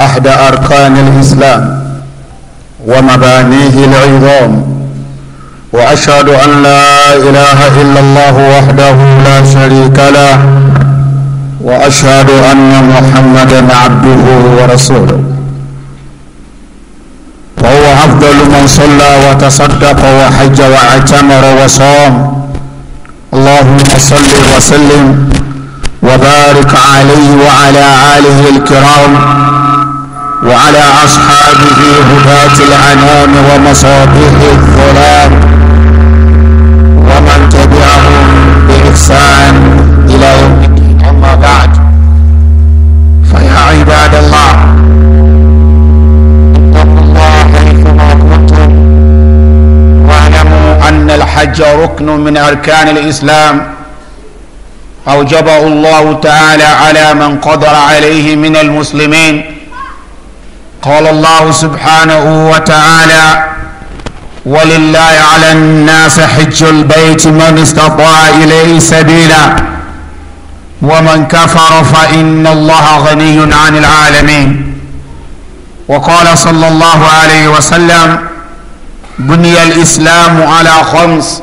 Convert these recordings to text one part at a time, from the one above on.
أحد أركان الإسلام ومبانيه العظام وأشهد أن لا إله إلا الله وحده لا شريك له وأشهد أن محمدا عبده ورسوله فهو أفضل من صلى وتصدق وحج واعتمر وصام اللهم صل وسلم وبارك عليه وعلى آله الكرام وعلى أصحابه هداة العنان ومصابيح الظلام ومن تبعهم بإحسان إلى يوم الدين أما بعد فيا عباد الله اتقوا الله حيثما كنتم واعلموا أن الحج ركن من أركان الإسلام أوجبه الله تعالى على من قدر عليه من المسلمين قال الله سبحانه وتعالى ولله على الناس حج البيت من استطاع إليه سبيلا ومن كفر فإن الله غني عن العالمين وقال صلى الله عليه وسلم بني الإسلام على خمس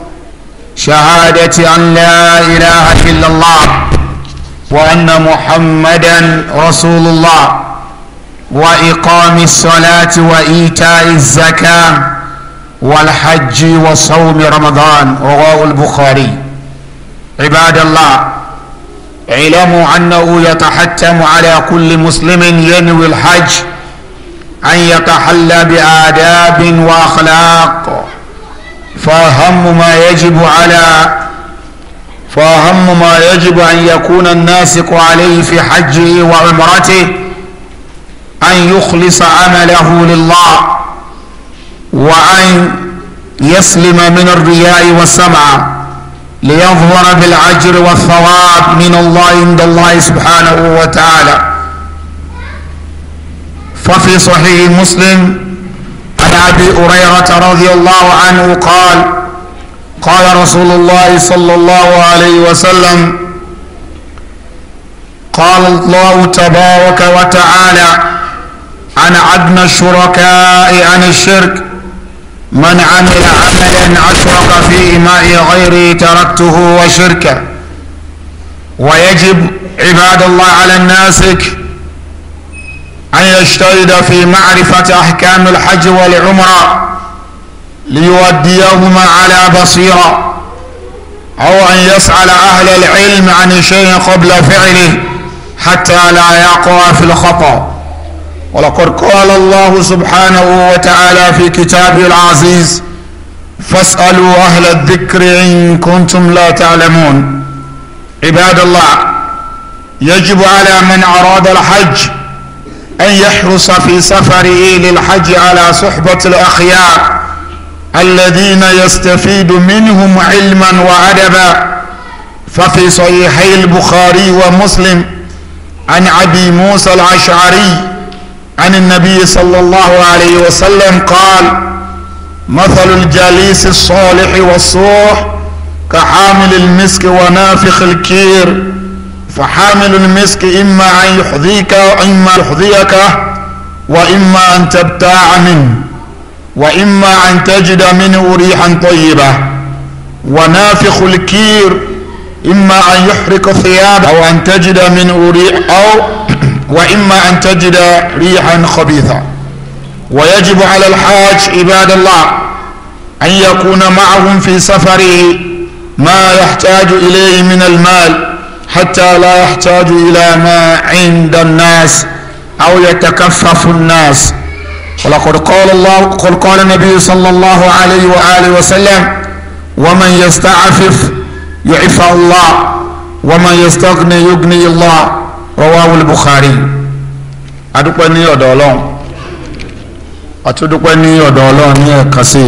شهادة أن لا إله إلا الله وأن محمدا رسول الله وإقام الصلاة وإيتاء الزكاة والحج وصوم رمضان رواه البخاري عباد الله اعلموا أنه يتحتم على كل مسلم ينوي الحج أن يتحلى بآداب وأخلاق فأهم ما يجب على فأهم ما يجب أن يكون الناسق عليه في حجه وعمرته أن يخلص عمله لله وأن يسلم من الرياء والسمع ليظهر بالعجر والثواب من الله عند الله سبحانه وتعالى ففي صحيح مسلم عن أبي هريرة رضي الله عنه قال قال رسول الله صلى الله عليه وسلم قال الله تبارك وتعالى عن عدن الشركاء عن الشرك من عمل عملا أشرك في إماء غيري تركته وشركه ويجب عباد الله على الناسك أن يجتهد في معرفة أحكام الحج والعمرة ليوديهما على بصيرة أو أن يسأل أهل العلم عن شيء قبل فعله حتى لا يقع في الخطأ ولقد قال الله سبحانه وتعالى في كتابه العزيز فاسألوا أهل الذكر إن كنتم لا تعلمون عباد الله يجب على من أراد الحج أن يحرص في سفره للحج على صحبة الأخيار الذين يستفيد منهم علما وأدبا ففي صحيحي البخاري ومسلم عن أبي موسى الأشعري عن النبي صلى الله عليه وسلم قال مثل الجليس الصالح والصوح كحامل المسك ونافخ الكير فحامل المسك إما أن يحذيك وإما يحذيك وإما أن تبتاع منه وإما أن تجد منه ريحا طيبة ونافخ الكير إما أن يحرق ثيابه أو أن تجد منه ريح أو وإما أن تجد ريحا خبيثة ويجب على الحاج عباد الله أن يكون معهم في سفره ما يحتاج إليه من المال حتى لا يحتاج إلى ما عند الناس أو يتكفف الناس ولقد قال الله قل قال النبي صلى الله عليه وآله وسلم ومن يستعفف يعف الله ومن يستغني يغني الله rọwáwul Bukhari adúpẹ́ ní ọ̀dọ̀ ọlọ́run àtúndúpẹ́ ní ọ̀dọ̀ ọlọ́run ní ẹ̀kan sí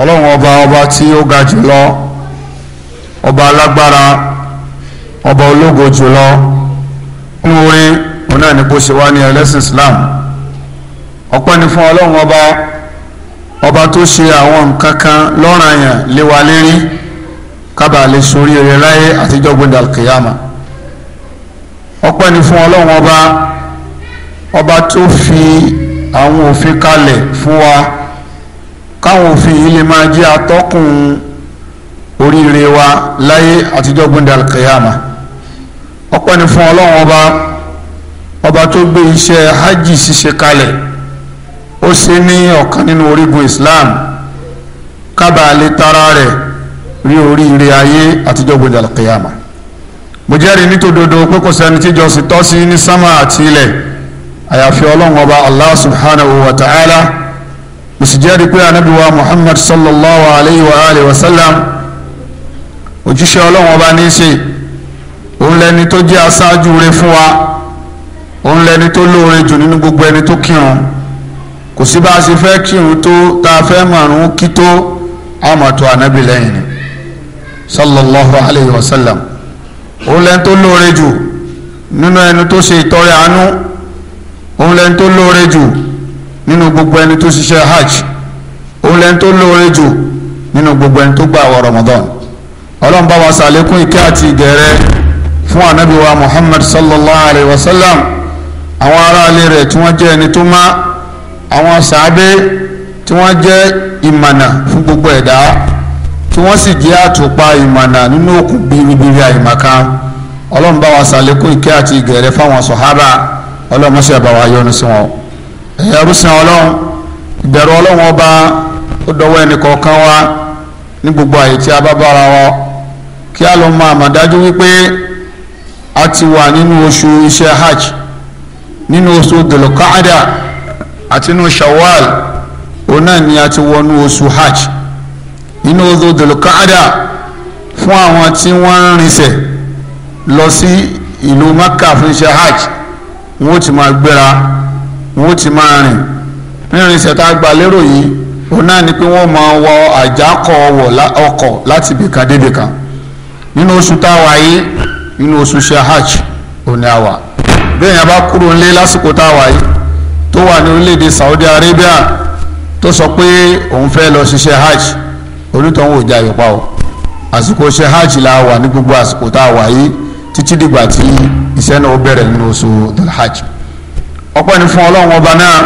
ọlọ́run ọba ọba tí ó ga jùlọ ọba alágbára ọba ológo jùlọ nínú orin òun náà ní bó ṣe wá ní ẹlẹ́sìn Islam ọpẹ́ ni fún ọlọ́run ọba ọba tó ṣe àwọn nǹkan kan lọ́ranyàn léwa lérí kábàá lè sorí eré láyé àtijọ́ gbẹ̀dàkìyàmà ọpẹ́ ni fún ọlọ́run ọba ọba tó fi àwọn òfin kalẹ̀ fún wa káwọn òfin yìí lè máa jẹ́ atọ́kùn oríire wa láyé àtijọ́ gbọ́ndé alkiyama ọpẹ́ ni fún ọlọ́run ọba ọba tó gbé iṣẹ́ hajj ṣíṣe kalẹ̀ ó ṣe ní ọ̀kan nínú orígun Islam kábàá lè tara rẹ̀ rí oríire ayé àtijọ́ gbọ́ndé alkiyama mo jẹ́rìí nítòdodo pé kò sẹ́ni tí jọ́sìn tọ́ sí ní sámà àti ilẹ̀ àyàfi ọlọ́run ọba allah subhanahu wa ta'ala mo sì jẹ́rìí pé anabi wa muhammad sallallahu alayhi wa alayhi wa sallam òjíṣẹ́ ọlọ́run ọba ní í ṣe òun lẹni tó jẹ́ aṣáájú rẹ̀ fún wa òun lẹni tó lóore jù nínú gbogbo ẹni tó kírun kò sí bá a ṣe fẹ́ kírun tó tá fẹ́ mọ̀rún kí tó àmọ̀tò anabi lẹ́yìn ni sallallahu alayhi wa sallam òun lẹ́ni tó lóore jù nínú ẹni tó ṣe ìtọrẹ àánú òun lẹ́ni tó lóore jù nínú gbogbo ẹni tó ṣiṣẹ́ hajj òun lẹ́ni tó lóore jù nínú gbogbo ẹni tó gba àwọ̀ Ramadan ọlọ́run bá wa ṣàlékún ìkẹ́ àti ìgẹ̀rẹ́ fún anabi wa Muhammad sallallahu alayhi wa sallam àwọn aráalé rẹ̀ tí wọ́n jẹ́ ẹni tó má àwọn sàábé tí wọ́n jẹ́ ìmànà fún gbogbo ẹ̀dá tí wọ́n sì jẹ́ àtùpà ìmọ̀nà nínú òkun biribiri àìmọ̀ká ọlọ́run bá wa ṣàlékún ìkẹ́ àti ìgẹ̀rẹ́ fáwọn sọ̀hábà ọlọ́run mọ́ṣẹ́ bá wa yọ́nú sí wọn. ẹ̀yà rúṣin ọlọ́run ìbẹ̀rù ọlọ́run ọba ó dọwọ́ ẹnìkọ̀ọ̀kan wa ní gbogbo àyè tí a bá bára wọn kí a lọ máa mọ̀ dájú wípé a ti wà nínú oṣù iṣẹ́ hajj nínú oṣù dùlùkàdà àti nínú shawwal òun náà ni a ti wọnú oṣù hajj nínú odò dòlùkádà fún àwọn tí wọ́n ń rinsẹ̀ lọ sí ìlú Mẹ́kà fún iṣẹ́ hajj wọ́n ti máa gbéra wọ́n ti máa rìn rìnrìn ìṣẹ̀ta gba lérò yìí òun náà ni pé wọ́n máa wọ àjákọ̀ ọkọ̀ láti ibìkan débi kan nínú oṣù táwa yìí nínú oṣù iṣẹ́ hajj òun ni a wà bẹ́ẹ̀ yẹn bá kúrò nílé lásìkò táwa yìí tó wà ní orílẹ̀-èdè Saudi Arabia tó sọ pé òun fẹ́ lọ ṣiṣẹ́ hajj onítọ̀hún ò já ìpa o àsìkò ṣe hajj la wà ní gbogbo àsìkò tá a wà yìí títí dìgbà tí iṣẹ́ náà ó bẹ̀rẹ̀ nínú oṣù dalhajj ọpẹ́ ni fún ọlọ́run ọba náà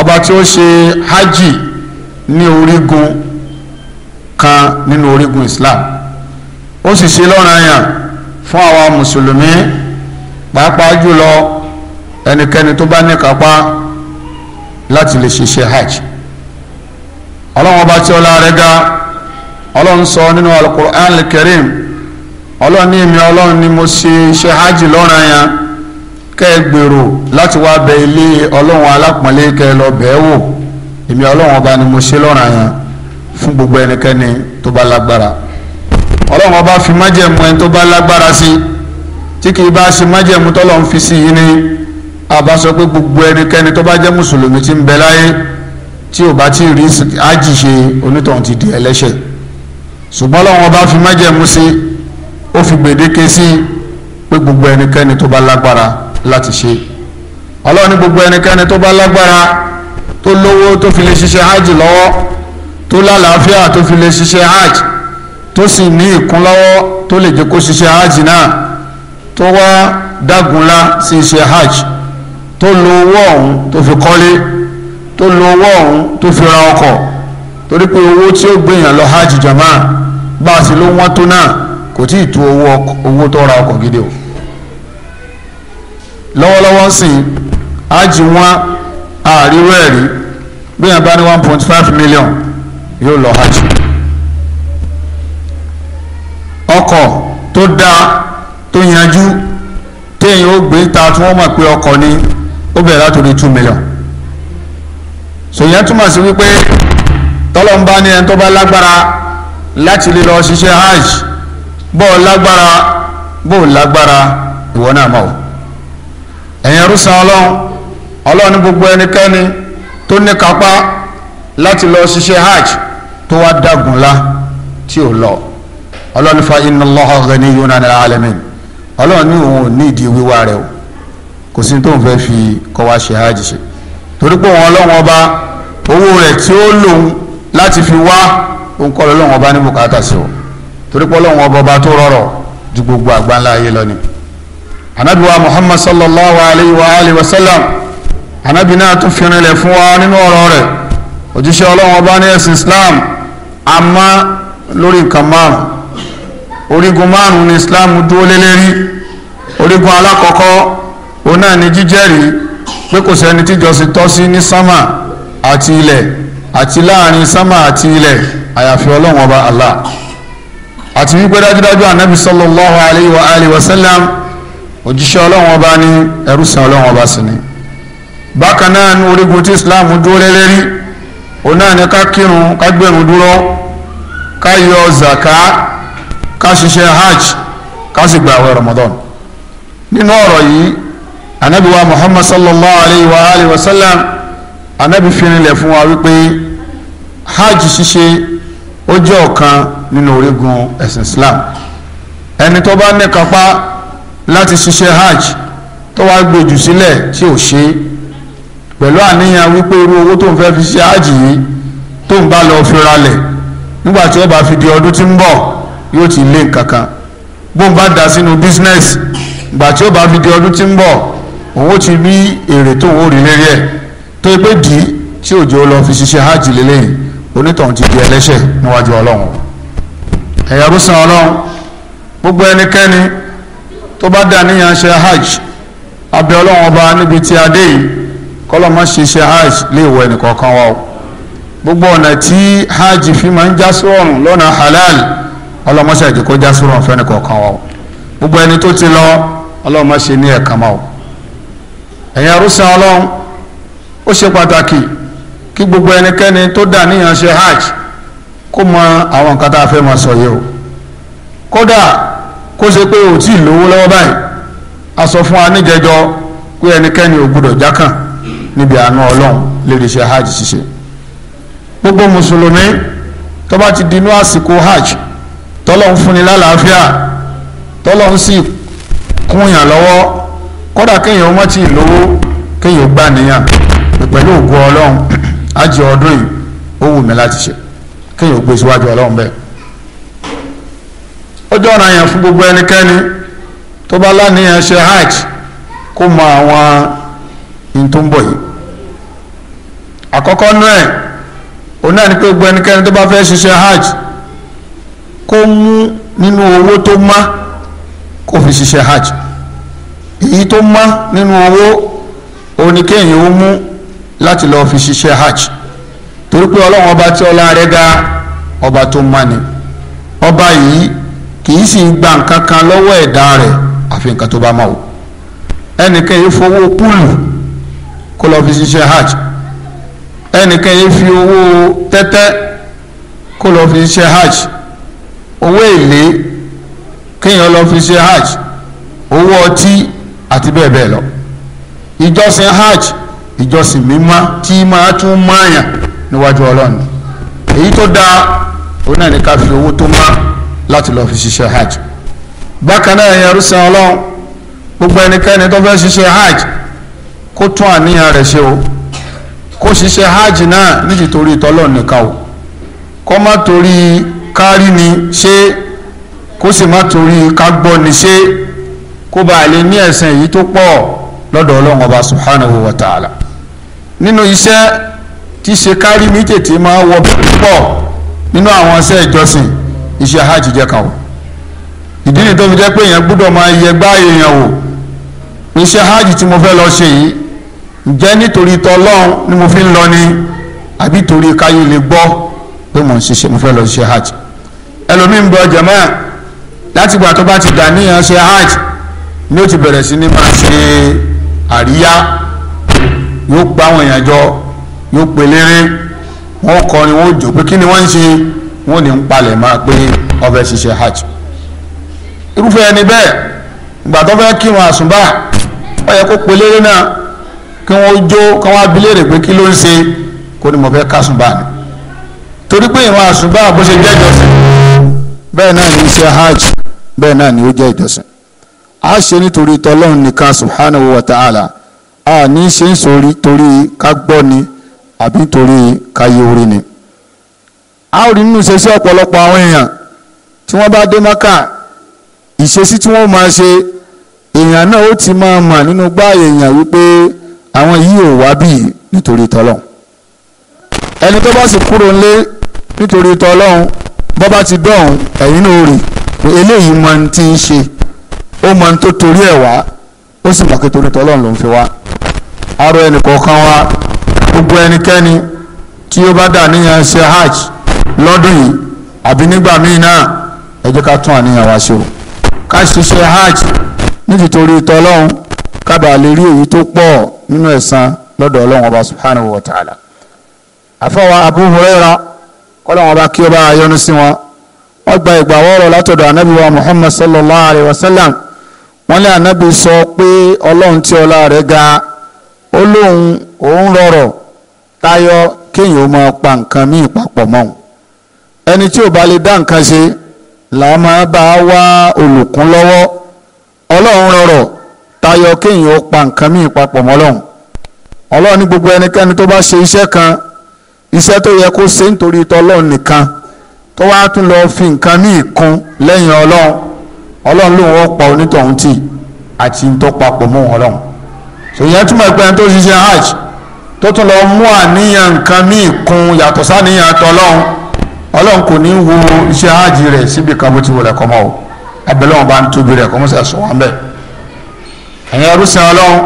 ọba tí ó ṣe hajj ní orígun kan nínú orígun islam ó sì ṣe lọ́ranyàn fún àwa mùsùlùmí pàápàá jùlọ ẹnikẹ́ni tó bá ní kápá láti lè ṣiṣẹ́ hajj ọlọ́run ọba tí ọlá rẹ̀ ga ọlọ́run sọ nínú alukur'an karim ọlọ́run ní èmi ọlọ́run ni mo ṣe iṣẹ́ hajj lọ́ràn yẹn kẹ́ ẹ gbèrò láti wá bẹ ilé ọlọ́run alápọ̀nlé kẹ́ ẹ lọ ọba ni mo ṣe yẹn fún gbogbo ẹnikẹ́ni tó ọba fi májẹ̀mú ẹni tó bá lágbára sí tí kì í bá ṣe ni àbá sọ pé gbogbo ti ń bẹ láyé tí ò bá tí ì rí ájì ṣe onítọ̀hún ti di ẹlẹ́ṣẹ̀ ṣùgbọ́n lọ́wọ́n bá fi májẹ̀mú sí ó fi gbèdéke sí pé gbogbo ẹnikẹ́ni tó bá lágbára láti ṣe ọlọ́run ní gbogbo ẹnikẹ́ni tó bá lágbára tó lówó tó fi lè ṣiṣẹ́ hajj lọ́wọ́ tó lálàáfíà tó fi lè ṣiṣẹ́ hajj tó sì ní ìkún lọ́wọ́ tó lè jẹ́ kó ṣiṣẹ́ hajj náà tó wá dágunlá sí iṣẹ́ hajj tó lo owó ọ̀hún tó fi kọ́lé tó lo owó ọ̀hún tó fi ra ọkọ̀ torí pé owó tí ó gbìyàn lọ hajj jama bá a sì ló wọ́n tó náà kò tí ì tó owó tó ra ọkọ̀ gidi o lọ́wọ́lọ́wọ́ ń sìn hajj wọn àríwá ẹ̀rí gbìyàn bá ní one point five million yóò lọ hajj ọkọ̀ tó dáa tó yanjú téèyàn ó gbé ta tí wọ́n mọ̀ pé ọkọ̀ ni ó bẹ̀rẹ̀ látòrí two million sòyẹn túmọ̀ sí wípé tọ́lọ́mbá ní ẹni tó bá lágbára láti lè lọ ṣiṣẹ́ hajj bó lágbára bó lágbára ìwọ náà mọ̀ ẹ̀yin rúsan ọlọ́run ọlọ́run ní gbogbo ẹnikẹ́ni tó ní kápá láti lọ ṣiṣẹ́ hajj tó wá dàgùnlá tí ò lọ ọlọ́run ní fa inna Allaha ghaniyyun 'anil 'alamin ọlọ́run ní òun ò ní ìdí wíwá rẹ̀ o kò sí tó ń fẹ́ fi kọ́ wá ṣe hajj ṣe torí pé òun ọlọ́run ọba owó rẹ̀ tí ó lòun láti fi wá òun kọ́ lọ́lọ́run ọba ní bùkátà sí o torí pé ọlọ́run ọba ọba tó rọrọ̀ ju gbogbo àgbáńlá ayé lọ ni anabi wa muhammad sallallahu alayhi wa alihi wa sallam anabi náà tún fi rinlẹ̀ fún wa nínú ọ̀rọ̀ rẹ̀ òjíṣẹ́ ọlọ́run ọba ní ẹ̀sìn islam àmọ́ lórí nǹkan márùn orígun márùn ni islam dúró lé lérí orígun alákọ̀ọ́kọ́ òun náà ni jíjẹ́rìí pé kò sẹ́ni tíjọsìn tọ́ sí ní sámà àti ilẹ̀ àti láàrin sámà àti ilẹ̀ àyàfi ọlọ́run ọba Allah àti wípé dájúdájú ànábì sallallahu alayhi wa alihi wa sallam òjíṣẹ́ ọlọ́run ọba ní ẹrú sìn ọlọ́run ọba sì ni bákan náà ní orígun tí islam dúró lélẹ́rí òun náà ní ká kírun ká gbẹ̀rún dúró ká yọ zaka ká ṣiṣẹ́ hajj ká sì gbààwẹ̀ ramadan nínú ọ̀rọ̀ yìí anabi wa muhammad sallallahu alayhi wa alihi wa sallam anabi fi rinlẹ̀ fún wa wípé hajj ṣíṣe ó jẹ́ ọ̀kan nínú orígun ẹ̀sìn islam ẹni tó bá ní kápá láti ṣiṣẹ́ hajj tó wá gbójú sílẹ̀ tí ò ṣe pẹ̀lú àníyàn wípé irú owó tó ń fẹ́ fi ṣe hajj yìí tó ń bá lọ fi ralẹ̀ nígbà tí ó bá fi di ọdún tí ń bọ̀ yóò ti lé nǹkan bó ń bá dá sínú business ìgbà tí ó bá fi di ọdún tí ń bọ̀ òun ti rí èrè tó wò rí lérí ẹ̀ tó pé dì í tí òjò lọ fi ṣiṣẹ́ hajj lélẹ́yìn onítọ̀hún ti di ẹlẹ́ṣẹ̀ níwájú ọlọ́run ẹ̀yà rúsan ọlọ́run gbogbo ẹnikẹ́ni tó bá dà níyàn ṣe hajj abẹ́ ọlọ́run ọba níbi tí a dé yìí kọ́lọ́ má ṣe hajj lè wọ ẹnìkọ̀ọ̀kan wa o gbogbo ọ̀nà tí hajj fi máa ń já sọ́run lọ́nà halal ọlọ́mọṣẹ́ ìdíkó já sọ́run fẹ́nìkọ̀ọ̀kan wa o gbogbo ẹni tó ti lọ ọlọ́mọṣẹ́ ní ẹ̀kan máa o ẹ̀yin arúsàn ọlọ́run ó ṣe pàtàkì kí gbogbo ẹnikẹ́ni tó dà níyàn ṣe hajj kó mọ àwọn nǹkan tá a fẹ́ máa sọ yìí o kódà kó ṣe pé ò tí ì lówó lọ́wọ́ báyìí a sọ fún wa níjẹjọ pé ẹnikẹ́ni ò gbọdọ̀ jákàn níbi àánú ọlọ́run lórí ṣe hajj ṣíṣe gbogbo mùsùlùmí tó bá ti dinú àsìkò hajj tọ́lọ́run fún ni lálàáfíà tọ́lọ́run sì kún yàn lọ́wọ́ kódà kéèyàn wọ́n ti lówó kéèyàn gbà níyàn pẹ̀lú ògo ọlọ́run ájì ọdún yìí ó wù mí láti ṣe kéèyàn gbé síwájú ọlọ́run bẹ́ẹ̀ ó jọ ọ̀ràn yẹn fún gbogbo ẹnikẹ́ni tó bá láníyàn ṣe hajj kó mọ àwọn tó ń bọ̀ yìí àkọ́kọ́ òun náà ni pé gbogbo hajj kó mú nínú owó tó má kó fi ṣiṣẹ́ hajj èyí tó mọ́ nínú owó oníkéyìn ó mú láti lọ fi ṣiṣẹ́ hajj torí pé ọlọ́run ọba tí ọlá rẹ̀ ga ọba tó mọ́ ni ọba yìí kì í sì gba nǹkan kan lọ́wọ́ ẹ̀dá rẹ̀ àfi nǹkan tó bá mọ̀ o ẹnìkan yìí fowó púùlù kó lọ́ọ́ fi ṣiṣẹ́ hajj ẹnìkan fi owó tẹ́tẹ́ kó lọ́ọ́ fi ṣiṣẹ́ hajj owó èlé kéèyàn lọ́ọ́ fi ṣe hajj owó ọtí àti bẹ́ẹ̀ bẹ́ẹ̀ lọ ìjọsìn hajj ìjọsìn mímá tí máa tún máyàn níwájú ọlọ́run èyí tó dáa òun náà ní ká fi owó tó má láti lọ́ọ́ fi ṣiṣẹ́ hajj bákan náà ẹ̀yẹ rúṣin ọlọ́run gbogbo ẹnikẹ́ni tó fẹ́ ṣiṣẹ́ hajj kó tún àníyàn rẹ̀ ṣe o kó ṣiṣẹ́ hajj náà níjì torí tọ́lọ́run nìkan o kó má torí kárí ni ṣe kó sì má torí ká gbọ́ ni ṣe kó bá lè ní ẹ̀san èyí tó pọ̀ lọ́dọ̀ ọlọ́run ọba subhanahu wa ta'ala nínú iṣẹ́ tí ṣe kárí mi tètè máa wọ bẹ̀rẹ̀ nínú àwọn iṣẹ́ ìjọsìn iṣẹ́ hajj jẹ́ kan o ìdí ni tó fi jẹ́ pé èèyàn gbọ́dọ̀ máa yẹ gbá èèyàn wò iṣẹ́ hajj tí mo fẹ́ lọ ṣe yìí ǹjẹ́ nítorí tọlọ́run ni mo fi ń lọ ni àbí torí káyé lè gbọ́ pé mo ń ṣiṣẹ́ mo fẹ́ lọ ṣe hajj ẹlòmíín bọ jẹ̀mọ́ láti gbà tó bá ti dà níyàn ṣe hajj ni ó ti bẹ̀rẹ̀ sí ní ṣe àríyá yóò pa àwọn èèyàn jọ yóò pe léré wọn kọrin wọn jò pé kí ni wọn ń wọn ní palẹ̀ máa pé ọbẹ̀ ṣiṣẹ́ hajj irúfẹ́ ẹni bẹ́ẹ̀ ìgbà tó fẹ́ kírun àsùnbà ó yẹ kó pe léré náà kí wọ́n jó kí ni mo fẹ́ kásùnbà ni torí pé ìwọ̀n àsùnbà bó ṣe jẹ́ ìjọsìn bẹ́ẹ̀ hajj bẹ́ẹ̀ náà ni ó jẹ́ a ṣe nítorí tọ́lọ́run nìkan subhanahu wa ta'ala a ní ṣe ń sori torí ká gbọ́ ni àbí torí ká yí orí ni. a ò rí nínú ìṣesí ọ̀pọ̀lọpọ̀ àwọn èèyàn tí wọ́n bá dé mọ́kà ìṣesí tí wọ́n máa ṣe èèyàn náà ó ti máa mà nínú gbá èèyàn wípé àwọn yìí ò wá bì nítorí tọ́lọ́run. ẹni tó bá sì kúrò ńlé nítorí tọ́lọ́run bọ́ bá ti dọ̀hún ẹ̀yin náà rí eléyìí máa ń ti ń ṣe ó mọ tó torí ẹ̀ wá ó sì mọ̀ pé torí tọ́lọ́run ló ń fi wá arọ ẹnìkọ̀ọ̀kan wa gbogbo ẹnikẹ́ni tí ó bá dà níyàn ṣe hajj lọ́dún yìí àbí nígbà míì náà ẹ jẹ́ ká tún àníyàn wa ṣe o ká ṣiṣẹ́ hajj nítorí tọ́lọ́run ká lè rí èyí tó pọ̀ nínú ẹ̀san lọ́dọ̀ ọlọ́run ọba subhanahu wa ta'ala àfọwọ́ Abu Huraira kọ́lọ́run ọba kí ọba yọ́nú sí wọn wọ́n gba ìgbà wọ́ọ̀rọ̀ látọ̀dọ̀ anábìwá Muhammad sallallahu alayhi wa sallam wọ́n ní ànábì sọ pé ọlọ́run tí ọlá rẹ̀ ga ó lóun òun rọrọ̀ tayọ kéèyàn ó máa pa nǹkan míì papọ̀ mọ́ òun ẹni tí ò bá lè dá nǹkan ṣe làá máa bá a wá olùkún lọ́wọ́ ọlọ́run rọrọ̀ tayọ kéèyàn pa nǹkan míì papọ̀ mọ́ lọ́hùn ọlọ́run ní gbogbo ẹnikẹ́ni tó bá ṣe iṣẹ́ kan iṣẹ́ tó yẹ kó ṣe nítorí tọ́lọ́run nìkan tó wá tún lọ fi nǹkan míì kún lẹ́yìn ọlọ́run ọlọ́run lòun ó pa onítọ̀hún tì àti tó papọ̀ mọ́ ọlọ́run ṣèyàn túmọ̀ pé ẹni tó ṣiṣẹ́ hajj tó tún lọ mú àníyàn nǹkan míì kún yàtọ̀ sáníyàn tọlọ́run ọlọ́run kò ní wo iṣẹ́ hajj rẹ̀ síbi kan bó ti wọlé kọ́mọ́ o abẹ́lẹ́wọ̀n bá ń tóbi rẹ̀ kọ́mọ́sẹ̀ sọ wọn bẹ́ẹ̀ ẹ̀yin ẹrúsìn ọlọ́run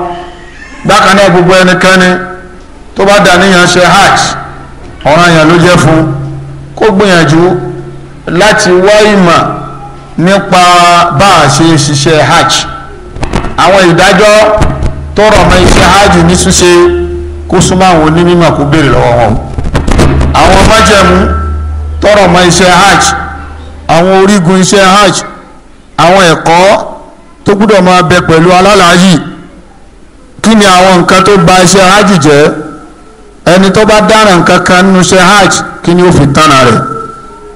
bákan náà gbogbo ẹnikẹ́ni tó bá dàníyàn ṣe hajj ọ̀ranyàn ló jẹ́ fún kó gbìyànjú láti wá ìmọ̀ nípa bá a ṣe ṣiṣẹ́ hajj àwọn ìdájọ́ tó rọ̀ mọ́ iṣẹ́ hajj ní ṣíṣe kó súnmọ́ àwọn onímọ̀ kó béèrè lọ́wọ́ wọn àwọn májẹ̀mú tó rọ̀ mọ́ hajj àwọn orígun iṣẹ́ hajj àwọn eko tó gbúdọ̀ máa bẹ pẹ̀lú alálàájì kí ni àwọn nǹkan tó ba iṣẹ́ hajj jẹ́ ẹni tó bá dáràn kankan nínú iṣẹ́ hajj kí ni ó fi tánà rẹ̀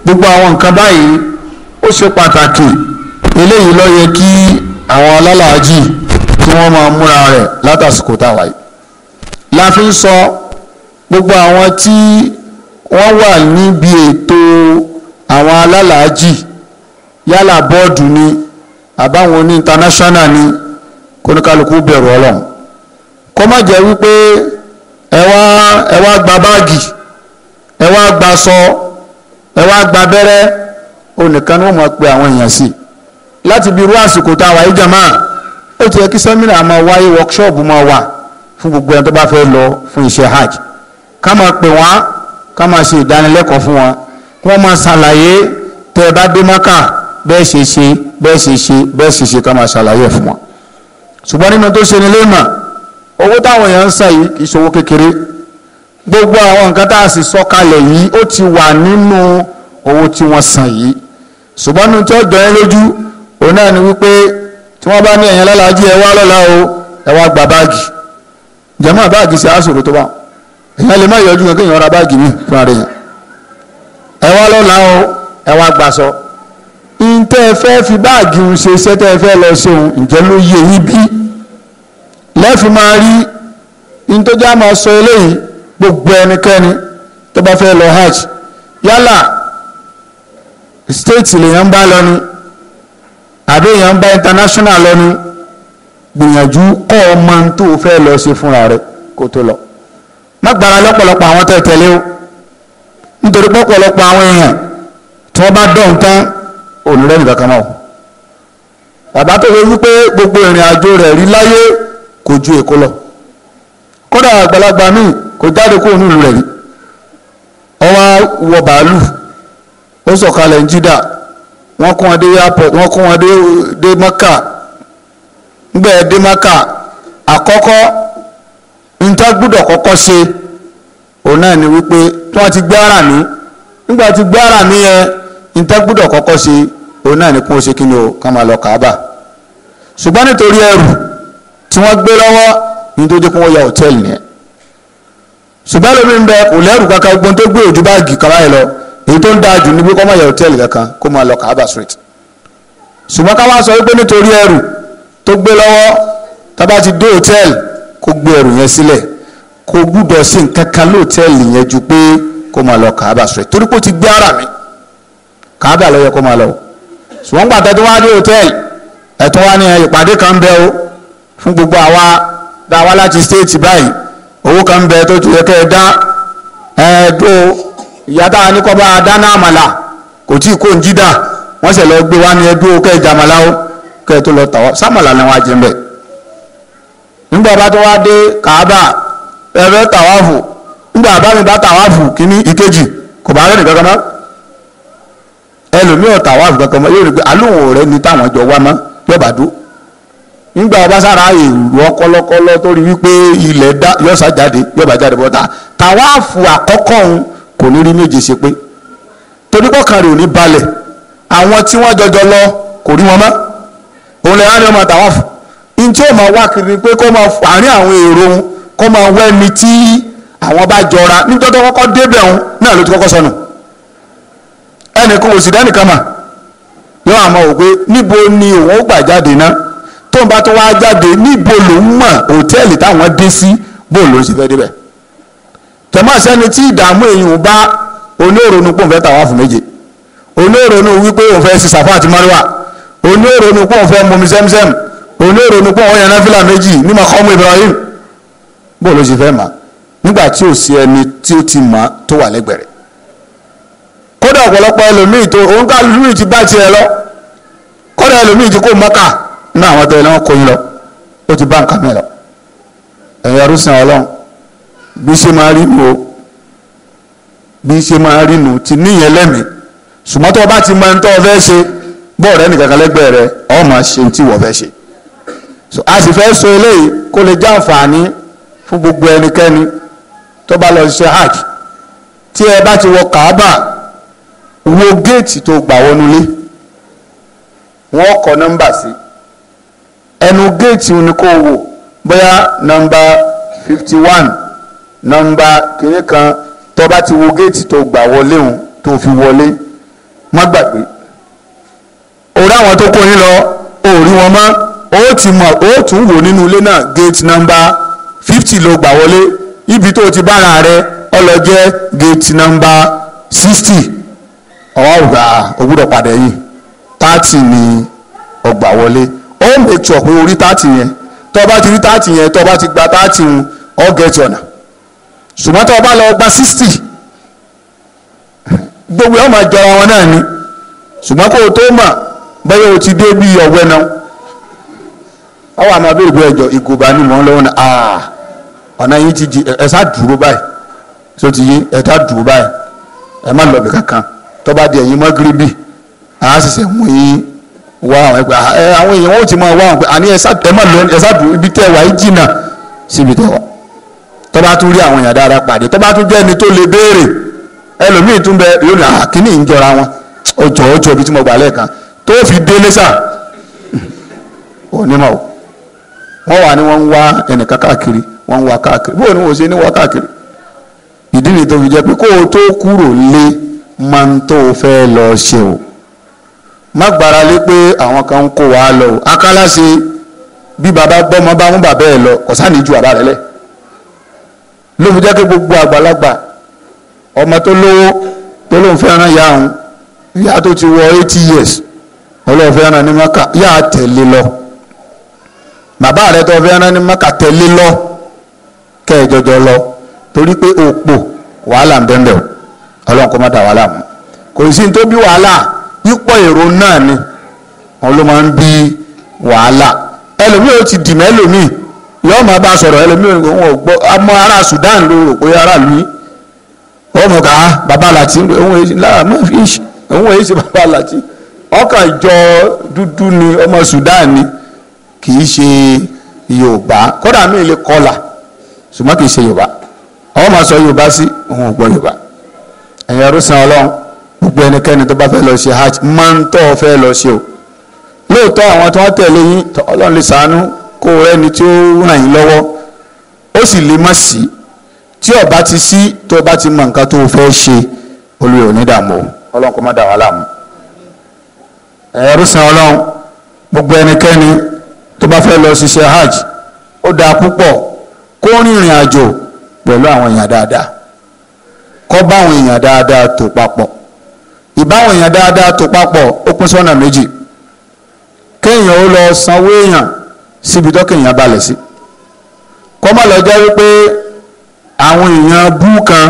gbogbo àwọn nǹkan báyìí ó ṣe pàtàkì eléyìí ló yẹ kí àwọn alálàájì kí wọ́n máa múra rẹ̀ látàsìkò táwa yìí la fi ń sọ gbogbo àwọn tí wọ́n wà níbi ètò àwọn alálàájì yálà bọ́ọ̀dù ni àbáwọn oní international ni kóníkálukú bẹ̀rù ọlọ́run kó má jẹ́ wípé ẹ wá ẹ wá gba báàgì ẹ wá gba sọ ẹ wá gba bẹ́rẹ́ onìkan ni wọ́n máa pe àwọn èèyàn sí láti bí irú àsìkò tá a wà yí jàmá ó ti yẹ kí sẹ́mínà máa wáyé wọ́kṣọ́ọ̀bù máa wà fún gbogbo ẹni tó bá fẹ́ lọ fún iṣẹ́ hajj ká máa pè wọ́n ká máa ṣe ìdánilẹ́kọ̀ọ́ fún wọn kí wọ́n máa ṣàlàyé tẹ́ ẹ bá dé mọ́kà bẹ́ẹ̀ ṣe ṣe bẹ́ẹ̀ ṣe ṣe bẹ́ẹ̀ ṣe ṣe ká máa ṣàlàyé fún wọn. ṣùgbọ́n nínú tó ṣe ni léèmọ̀ owó táwọn èèyàn ń sà yìí kì í ṣòwò kékeré gbogbo àwọn nǹkan tá a sì sọ kalẹ̀ yìí ó ti wà nínú owó tí wọ́n san yìí ṣùgbọ́n nu tí ó dán lójú òun náà ni wípé tí wọ́n bá ní ẹ̀yìn ẹ wá lọ́la o ẹ wá gba báàgì jẹ́mọ́ báàgì sí tó bá lè má yọjú yẹn báàgì mi fún ara yẹn ẹ wá lọ́la o ẹ wá gba sọ ntẹ́ fi báàgì ń ṣe iṣẹ́ tẹ́ fẹ́ lọ ǹjẹ́ ló yẹ bí lẹ́fì máa rí máa sọ eléyìí gbogbo ẹnikẹ́ni tó bá hajj yálà state lèèyàn ń bá lọ́nu àbí èèyàn ń bá international lọ́nu gbìyànjú kọ́ ọ máa ń tó o fẹ́ lọ ṣe fúnra rẹ kó tó lọ má gbára lọ́pọ̀lọpọ̀ àwọn tẹ̀ tẹ̀lé o nítorí pọ̀pọ̀lọpọ̀ àwọn èèyàn tí wọ́n bá dọ̀n tán òní rẹ̀ nìkan kan mọ́ bàbá tó fi wípé gbogbo ìrìn àjò rẹ̀ rí láyé kò ju Èkó lọ kódà àgbàlagbà míì kò jáde kó òun ìlú rẹ̀ rí ọwọ́ wọ bàálù ó sọ̀kalẹ̀ ní Júdà wọ́n kó wọn dé airport wọ́n kó wọn dé dé Mẹ́kà ńgbẹ́ dé Mẹ́kà àkọ́kọ́ níta gbúdọ̀ kọ́kọ́ ṣe òun náà ni wípé tí wọ́n ti gbé ara mi nígbà tí gbé ara mi yẹn níta gbúdọ̀ kọ́kọ́ ṣe òun náà ni kó o ṣe kí ni o ká máa lọ Káàbà ṣùgbọ́n nítorí ẹrù tí wọ́n gbé lọ́wọ́ ní tó dé kó wọ́n ya hòtẹ́ẹ̀lì yẹn ṣùgbọ́n lómi ń bẹ kò lẹ́rù kankan gbọ́n tó gbé òjú báàgì kan báyìí lọ èyí tó ń dáa jù ní pé kó má yẹ hòtẹ́ẹ̀lì kankan kó máa lọ Kaaba street ṣùgbọ́n ká wá sọ wípé nítorí ẹrù tó gbé lọ́wọ́ tá bá ti dé hòtẹ́ẹ̀lì kó gbé ẹrù yẹn sílẹ̀ kò gbúdọ̀ sí nǹkan kan lóòtẹ́ẹ̀lì yẹn ju pé kó máa lọ Kaaba street torí pé ó ti gbé ara mi Kaaba ló kó máa lọ ṣùgbọ́n gbàtẹ́ tó wá dé hòtẹ́ẹ̀lì ẹ̀tún wá ní ìpàdé kan bẹ o fún gbogbo àwa dáwà láti stéètì báyìí owó kan bẹ tó ti yẹ kẹ́ ẹ dá ẹ̀ẹ́dó ìyáta tá kọ́ bá a dáná àmàlà kò tí ì ń jídà wọ́n sì lọ gbé wá ní ẹbí owó kẹ́ẹ̀jà àmàlà ó tó lọ tà wá sàmàlà làwọn àjẹmbẹ̀ nígbà bá tó wá dé kàábà ẹ̀rẹ́ nígbà bá mi bá kíní ìkejì kò bá kankan mọ́ ẹlòmíràn kankan mọ́ yóò rí pé rẹ ni táwọn jọ nígbà kò ní rí méje ṣe pé torí pọ̀kan rẹ̀ ò ní balẹ̀ àwọn tí wọ́n jọjọ lọ kò rí wọn mọ́ òun lè rán ní ọmọ àtàwọn fún in tí ó máa wá kiri pé kó máa àárín àwọn èrò òun kó máa wẹ́ ni tí àwọn bá jọra níjọ́ kọ́kọ́ débẹ̀ òun náà ló ti kọ́kọ́ sọnù ẹnìkan ò sì dẹ́nìkan mà yóò àmọ́ wò pé níbo ni òun ó gbà jáde ná tó bá tó wá jáde níbo lòún mọ̀ hòtẹ́ẹ̀lì táwọn dé sí bóun ló ń ṣe fẹ́ débẹ̀ jọmọ́ sẹ́ni tí ìdààmú èèyàn bá onírònú pò ń fẹ́ tàwa fún méje onírònú wípé òun fẹ́ sí sàfáà àti márùwà onírònú pò ń fẹ́ mumi sẹ́msẹ́m onírònú pò ń yan náfìlà méjì ní maqamu Ibrahim bó ló ṣe fẹ́ mà nígbà tí ò sí ẹni tí ó ti mà tó wà lẹ́gbẹ̀rẹ̀ kódà ọ̀pọ̀lọpọ̀ ẹlòmíì tó òun ká lùmíì ti bá tiẹ̀ lọ kódà ẹlòmíì ti kó mọ́kà ní àwọn tẹ̀lé wọn kó yín lọ ó ti bá nǹkan mẹ́lọ ẹ̀yin arúsìn Ọlọ́run bí ṣe máa rí nu o bí ṣe máa rí nu ti níyẹn lẹ́mìí ṣùgbọ́n tó o bá ti mọ ẹni tó o fẹ́ ṣe bọ́ọ̀ rẹ nìkan kan lẹ́gbẹ̀ẹ́ rẹ ọ máa ṣe ohun tí wọ́n fẹ́ ṣe so a sì fẹ́ so eléyìí kó lè já àǹfààní fún gbogbo ẹnikẹ́ni tó bá lọ ṣe hajj tí ẹ bá ti wọ kàábà wo géètì tó gbà wọnúlé wọ́n kọ nọ́mbà sí ẹnu géètì ni kò wò bóyá nọ́mbà fifty one. nọmba kìnìún kan tó ti wo géètì tó gbà wọlé òun tó fi wọlé má gbàgbé òun àwọn tó kó yín lọ wọn ó ti nínú ilé náà géètì nọmba fifty ló gbà wọlé ibi tó ti bára rẹ ọlọ́jẹ́ géètì nọmba sixty ọ̀wá ògbà ògbúdọ̀ padà yìí thirty ni ọgbà wọlé ó make pé orí yẹn tọba ti yẹn tọba ti gba thirty ṣùgbọ́n tó o bá lọ gba sixty gbogbo ẹ̀ máa jọra wọn náà ni ṣùgbọ́n kó o tó mà bẹ́ẹ̀ o ti dé bí ọ̀gbẹ́ náà ọwọ́ àmọ́ abẹ́rẹ́ bí ẹjọ́ ìgòbá ni mò ń lọ́wọ́ náà aa ah, ọ̀nà yìí ti di ẹ̀ sá dúró báyìí tó ti yí ẹ̀ sá dúró báyìí ẹ̀ má lọ bí kankan tó bá di ẹ̀yìn mọ́gíríbì àá sì sẹ́ mú yín wá àwọn ẹgbẹ́ àwọn èèyàn wọn ò ti máa wá àwọn ẹgbẹ́ àní ẹ̀ sá dúró ibi tẹ́ wà yìí jìnnà síbi tẹ́ wà tó bá tún rí àwọn èèyàn dáadáa pàdé tó bá tún jẹ́ ẹni tó lè béèrè ẹlòmíì tún bẹ yóò ní àkíní ah, ń jọra wọn ọjọ́ ọjọ́ ibi tí mo gbà lẹ́ẹ̀kan tó fi délé sà onímọ̀ wọ́n wà ní wọ́n ń wá ẹnìkan káàkiri wọ́n ń wá káàkiri bóyá ni wọ́n ṣe ní wá káàkiri ìdí nìyí tó fi jẹ́ pé kó o tó kúrò lé máa ń tó o fẹ́ lọ ṣe o má gbára lé pé àwọn kan ń kó wa lọ o akálá ṣe bí baba gbọ́mọ bá mú bàbá ẹ lọ ọ̀sán ní àbá rẹ lẹ́ẹ̀. ló fi jẹ́ gbogbo àgbàlagbà ọmọ tó lówó tó lóun fẹ́ràn ìyá òun tó ti wọ eighty years ọlọ́run fẹ́ràn ní mọ́kà ya tẹ̀lé lọ bàbá rẹ tó fẹ́ràn ní maka tẹ̀lé lọ kẹ́ ẹ jọjọ lọ torí pé òpò wàhálà ń bẹ́ẹ̀ bẹ́ẹ̀ ọlọ́run má da wàhálà kò sí ní wàhálà èrò náà ni wọn yọọ máa bá sọ̀rọ̀ ẹlòmíràn òun ò Sudan ló rò pé ará lu ọmọ ká bàbá làtí òun èyí lára òun dúdú ni ọmọ Sudan ni kì í ṣe Yorùbá kódà mi lè kọlà ṣùgbọ́n kì í ṣe Yorùbá àwọn máa sọ Yorùbá sí òun ò Yorùbá ẹ̀yin Ọlọ́run gbogbo ẹnikẹ́ni tó bá lọ ṣe o lóòótọ́ àwọn tó tẹ̀lé yín kó o rẹ́ni tí ó ràn yín lọ́wọ́ ó sì lè má sí tí o bá ti sí tó o bá ti mọ nǹkan tó o fẹ́ ṣe olùyẹ ò ní dààmú o ọlọ́run kò má dà wá láàmú. ẹ̀rú san ọlọ́run gbogbo ẹnikẹ́ni tó bá fẹ́ lọ ṣiṣẹ́ hajj ó dáa púpọ̀ kó rìnrìn àjò pẹ̀lú àwọn èèyàn dáadáa kó bá èèyàn dáadáa tó papọ̀ ìbáwọn èèyàn dáadáa tó papọ̀ ó pín sọ́nà méjì kéèyàn ó lọ sanwó èèyàn síbi tọ́kìyàn balẹ̀ sí kọ́mọ lọ jẹ́ wípé àwọn èèyàn bú kan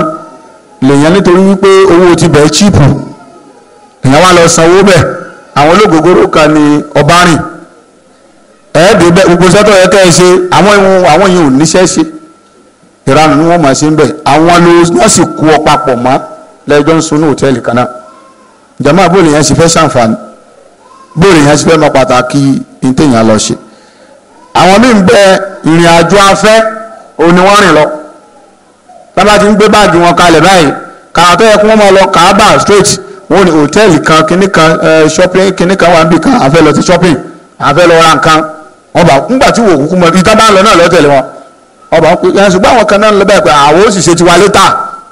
lèèyàn nítorí wípé owó ti bẹ̀ chíìpù èèyàn wá lọ sanwó bẹ̀ àwọn olóògógóró kan ni, ọba rìn ẹ̀ẹ́dẹ̀ bẹ́ẹ̀ gbogbo sẹ́tọ̀ yẹ kẹ́ ẹ ṣe àwọn ìwọ̀n àwọn èèyàn ò níṣẹ́ ṣe ìranù ni wọ́n máa ṣe ń bẹ̀ àwọn ló wọ́n sì kú ọ papọ̀ mọ́ lẹ́jọ́ ń sunú hòtẹ́ẹ̀lì kan náà jàmáà bóòlù yẹn ṣe fẹ́ ṣàǹfààní bóòlù yẹn ṣe fẹ́ mọ pàtàkì ní téèyàn lọ ṣe àwọn míì ń bẹ ìrìn àjò afẹ́ òun ni wọ́n rìn lọ bàbá ti ń gbé báàgì wọn kalẹ̀ báyìí kàrà tó yẹ kí wọ́n máa lọ kàábà straight wọ́n ní hòtẹ́ẹ̀lì kan kínní kan shopping kínní kan wà níbì kan àfẹ́ lọ sí shopping àfẹ́ lọ ra nǹkan ọba ńgbà tí wò kúkú mọ ìta bá ń lọ náà lọ tẹ̀lé wọn ọba ńkú yẹn ṣùgbọ́n àwọn kan náà ń lọ bẹ́ẹ̀ pé àwọn ó sì ṣe tiwa létà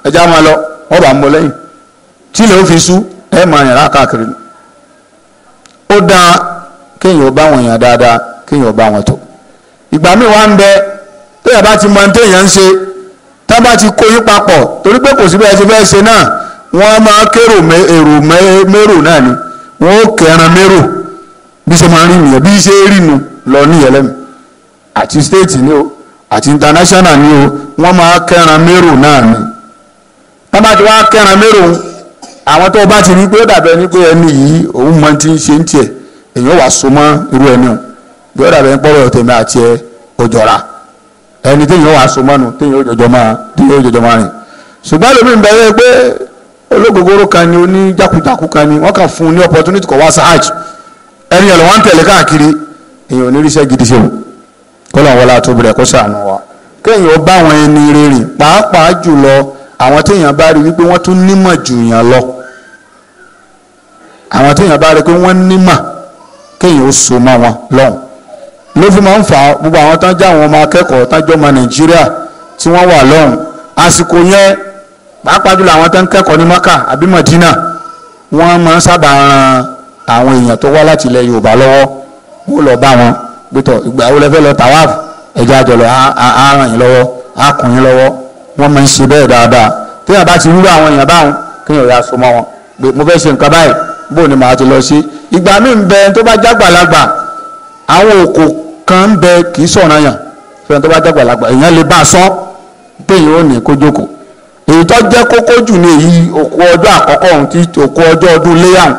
ẹja máa lọ ọba ń bọ lẹ́yìn tí ilẹ̀ ó fi sú ẹ máa yàrá káàkiri ó dáa kéèyàn bá wọn yàn dáadáa kéèyàn bá wọn tó ìgbà miwa wá ń bẹ téèyàn bá ti mọ ní téèyàn ń ṣe ti kó yín papọ̀ torí pé kò sí bẹ́ẹ̀ ṣe fẹ́ ṣe náà wọ́n máa kérò èrò mérò náà ni wọ́n ó kẹran mérò bí ṣe máa rí nìyẹn bí lọ àti state ni o àti international ni o wọ́n máa kẹran mérò náà ni tá bá ti wá kẹran mérò àwọn tó bá ti rí pé ó pé ẹni yìí òun wà so mọ́ irú ẹni o ó jọra ẹni téèyàn wà so mọ́nu téèyàn ó jọjọ máa téèyàn ó jọjọ máa rìn ṣùgbọ́n lómi ń bẹ̀rẹ̀ pé olóògógóró kan ni oní jákujáku kan ni wọ́n kàn fún un ní opportunity kọ̀ wá sáájú ẹni ẹ̀rọ wọn tẹ̀lé káàkiri èèyàn oníríṣẹ́ gidi ṣe wò kọ́lọ̀ wọlé àtúbọ̀rẹ̀ kó sànù wa kéèyàn ó bá àwọn ẹni rírìn pàápàá jùlọ àwọn téèyàn bá rí wípé wọ́n tún nímọ̀ jù yàn lọ àwọn téèyàn bá rí pé wọ́n nímọ̀ kéèyàn ó so mọ́ wọn lọ́hùn ló fi máa ń fà á gbogbo àwọn tán já àwọn ọmọ akẹ́kọ̀ọ́ tán jọ ọmọ nàìjíríà tí wọ́n wà lọ́hùn àsìkò yẹn pàápàá jùlọ àwọn tán kẹ́kọ̀ọ́ ní maka àbí madina wọ́n máa ń sábà ran àwọn èèyàn tó wá láti ilẹ̀ yorùbá lọ́wọ́ wọ́n lọ bá wọn gbẹtọ̀ ìgbà wo lẹ lọ tawaf ẹ̀jẹ̀ àjọlọ á ràn yín lọ́wọ́ á kùn yín lọ́wọ́ wọ́n máa ń ṣe bẹ́ẹ̀ dáadáa téèyàn bá ti rúrú àwọn èèyàn báwọn kéèyàn yà so mọ́ wọn pé mo fẹ́ ṣe kan ń bẹ kì í sọ̀ràn yàn fẹ́ràn tó bá jẹ́ àgbàlagbà èèyàn lè bá a sọ pé èèyàn ò ní kó jókòó èyí tó jẹ́ kókó jù ní èyí òkú ọjọ́ àkọ́kọ́ òun ti òkú ọjọ́ ọdún léyàn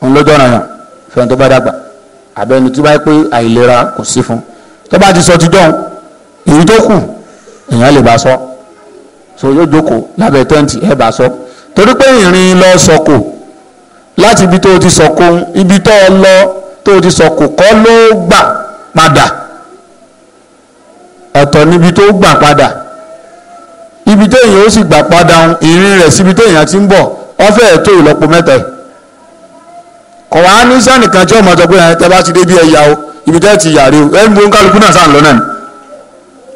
òun lọ́jọ́ ràn yàn fẹ́ràn tó bá dàgbà àbẹ́ni tó bá pé àìlera kò sí fún tó bá ti sọ ti dán èyí tó kù èèyàn lè bá a sọ so yóò jókòó lábẹ́ tẹ́ǹtì ẹ̀ bá a sọ torí pé ìrìn lọ sọkò láti ibi tó ti sọkò ibi tó lọ tó ti sọkò kọ́ ló gbà padà ọ̀tọ̀ níbi tó gbà padà ibi téèyàn ó sì gbà padà ìrìn rẹ̀ síbi téèyàn ti ń bọ̀ ọ̀fẹ́ tó ìlọ́po mẹ́ta yìí kọ̀ wá ní sẹ́nì kan tí ọmọ ọjọ́ pé ẹ̀ tẹ́ bá ti dé bí ẹ̀yà o ibi tẹ́ ti yàrá o ẹ̀ ń bo kálukú náà sáà ń lọ náà ni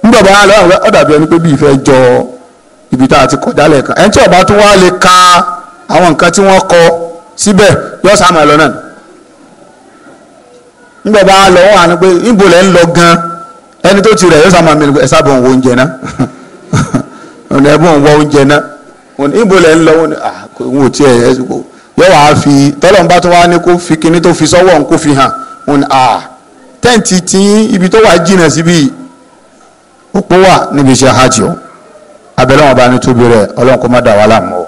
nígbà bá yà lọ́wọ́ ọ̀ dàbí ẹni pé bí ìfẹ́ jọ ibi tá a kọjá lẹ́ẹ̀kan ẹ̀ tí ọba tó wá lè ka àwọn nǹkan tí wọ́n kọ síbẹ̀ yọ sáà máa lọ náà ni nígbà bá a lọ wọn àná pé níbo lẹ ń lọ gan ẹni tó ti rẹ̀ yóò sábà mìíràn ẹ sábà ń wo oúnjẹ náà ọ̀nà ẹ̀bùn ń wọ oúnjẹ náà wọn níbo lẹ ń lọ wọn n ò tiẹ̀ ẹ kò yóò wá fi tọ́lọ́mùbá tó wá ní kó fi kinní tó fi sọ́wọ́ kó fi hàn wọn à tẹ́ǹtì tí ibi tó wà jìnnà síbi òpó wà níbi iṣẹ́ hajj o abẹ́lẹ́ wọn bá ní tóbi rẹ̀ ọlọ́run kó má dà wá láàmú